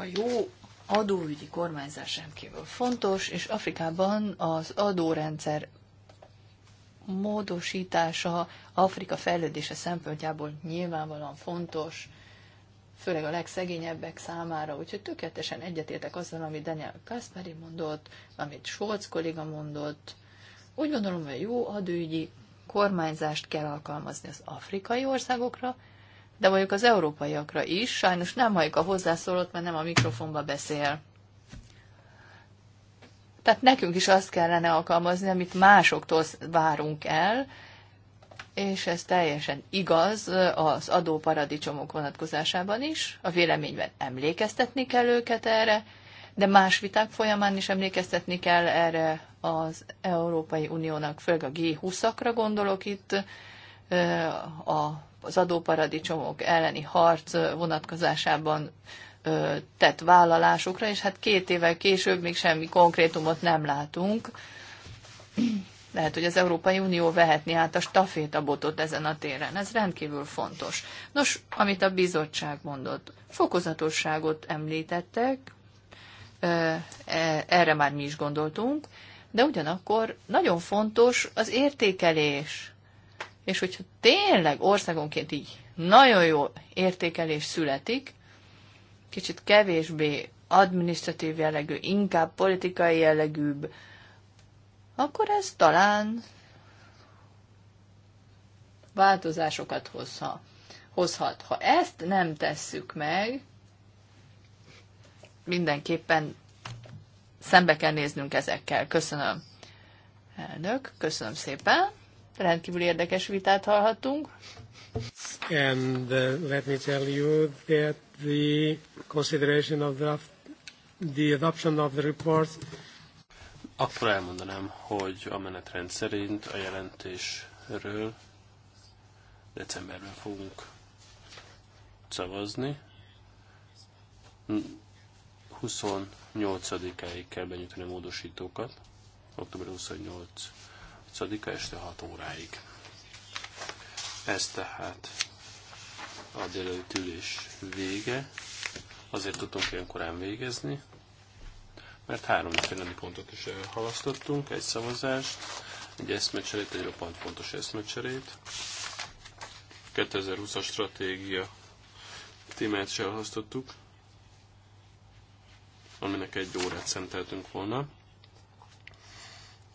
a jó adóügyi kormányzás rendkívül fontos, és Afrikában az adórendszer módosítása Afrika fejlődése szempontjából nyilvánvalóan fontos, főleg a legszegényebbek számára, úgyhogy tökéletesen egyetértek azzal, amit Daniel Kaspari mondott, amit Scholz kolléga mondott. Úgy gondolom, hogy jó adőügyi kormányzást kell alkalmazni az afrikai országokra, de mondjuk az európaiakra is. Sajnos nem halljuk a hozzászólót, mert nem a mikrofonba beszél. Tehát nekünk is azt kellene alkalmazni, amit másoktól várunk el, és ez teljesen igaz az adóparadicsomok vonatkozásában is. A véleményben emlékeztetni kell őket erre, de más viták folyamán is emlékeztetni kell erre az Európai Uniónak, főleg a G20-akra gondolok itt, az adóparadicsomok elleni harc vonatkozásában tett vállalásukra, és hát két évvel később még semmi konkrétumot nem látunk. Lehet, hogy az Európai Unió vehetni át a stafétabotot ezen a téren. Ez rendkívül fontos. Nos, amit a bizottság mondott, fokozatosságot említettek, e, erre már mi is gondoltunk, de ugyanakkor nagyon fontos az értékelés és hogyha tényleg országonként így nagyon jó értékelés születik, kicsit kevésbé administratív jellegű, inkább politikai jellegűbb, akkor ez talán változásokat hozha, hozhat. Ha ezt nem tesszük meg, mindenképpen szembe kell néznünk ezekkel. Köszönöm, elnök, köszönöm szépen rendkívül érdekes vitát hallhattunk. And uh, let me tell you that the consideration of the, the adoption of the report akkor elmondanám, hogy a menetrend szerint a jelentésről decemberben fogunk szavazni. 28-áig kell benyújtani a módosítókat, október 28 8-a este 6 óráig. Ez tehát a délelőtt ülés vége. Azért tudtunk ilyen korán végezni, mert három napi pontot is halasztottunk, egy szavazást, egy eszmecserét, egy roppant fontos eszmecserét, 2020-as stratégia témát is elhalasztottuk, aminek egy órát szenteltünk volna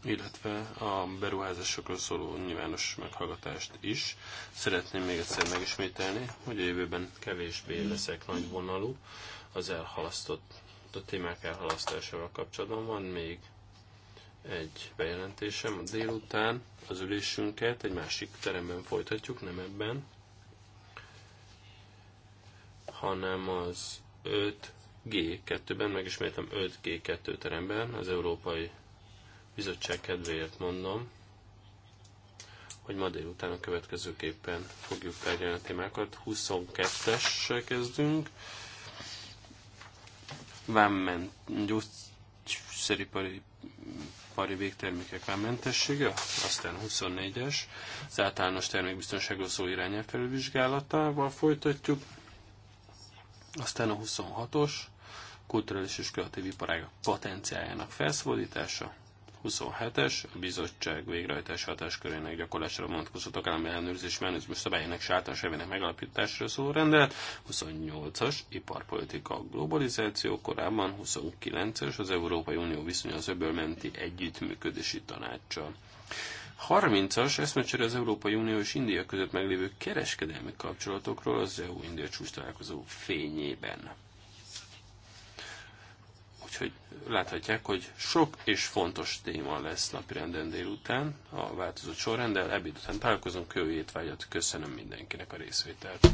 illetve a beruházásokról szóló nyilvános meghallgatást is. Szeretném még egyszer megismételni, hogy a jövőben kevésbé leszek nagy vonalú az elhalasztott a témák elhalasztásával kapcsolatban. Van még egy bejelentésem. Délután az ülésünket egy másik teremben folytatjuk, nem ebben, hanem az 5G2-ben, megismétem 5G2 teremben, az Európai bizottság kedvéért mondom, hogy ma délután a következőképpen fogjuk tárgyalni a témákat. 22-essel kezdünk. Vámment, gyógyszeripari pari végtermékek vámmentessége, aztán 24-es, az általános termékbiztonságról szó irányelv felülvizsgálatával folytatjuk, aztán a 26-os, kulturális és kreatív iparágak potenciájának felszabadítása, 27-es, a bizottság végrehajtás hatáskörének gyakorlására vonatkozó tagállami ellenőrzés mechanizmus szabályának sátán sevének megalapításra szóló rendelet, 28-as, iparpolitika globalizáció korában, 29-es, az Európai Unió viszonya az öbölmenti együttműködési tanácsa, 30-as eszmecsere az Európai Unió és India között meglévő kereskedelmi kapcsolatokról az EU-India csúcs találkozó fényében. Úgyhogy láthatják, hogy sok és fontos téma lesz napirenden délután a változott sorrendel ebéd után találkozunk, jó étvágyat, köszönöm mindenkinek a részvételt.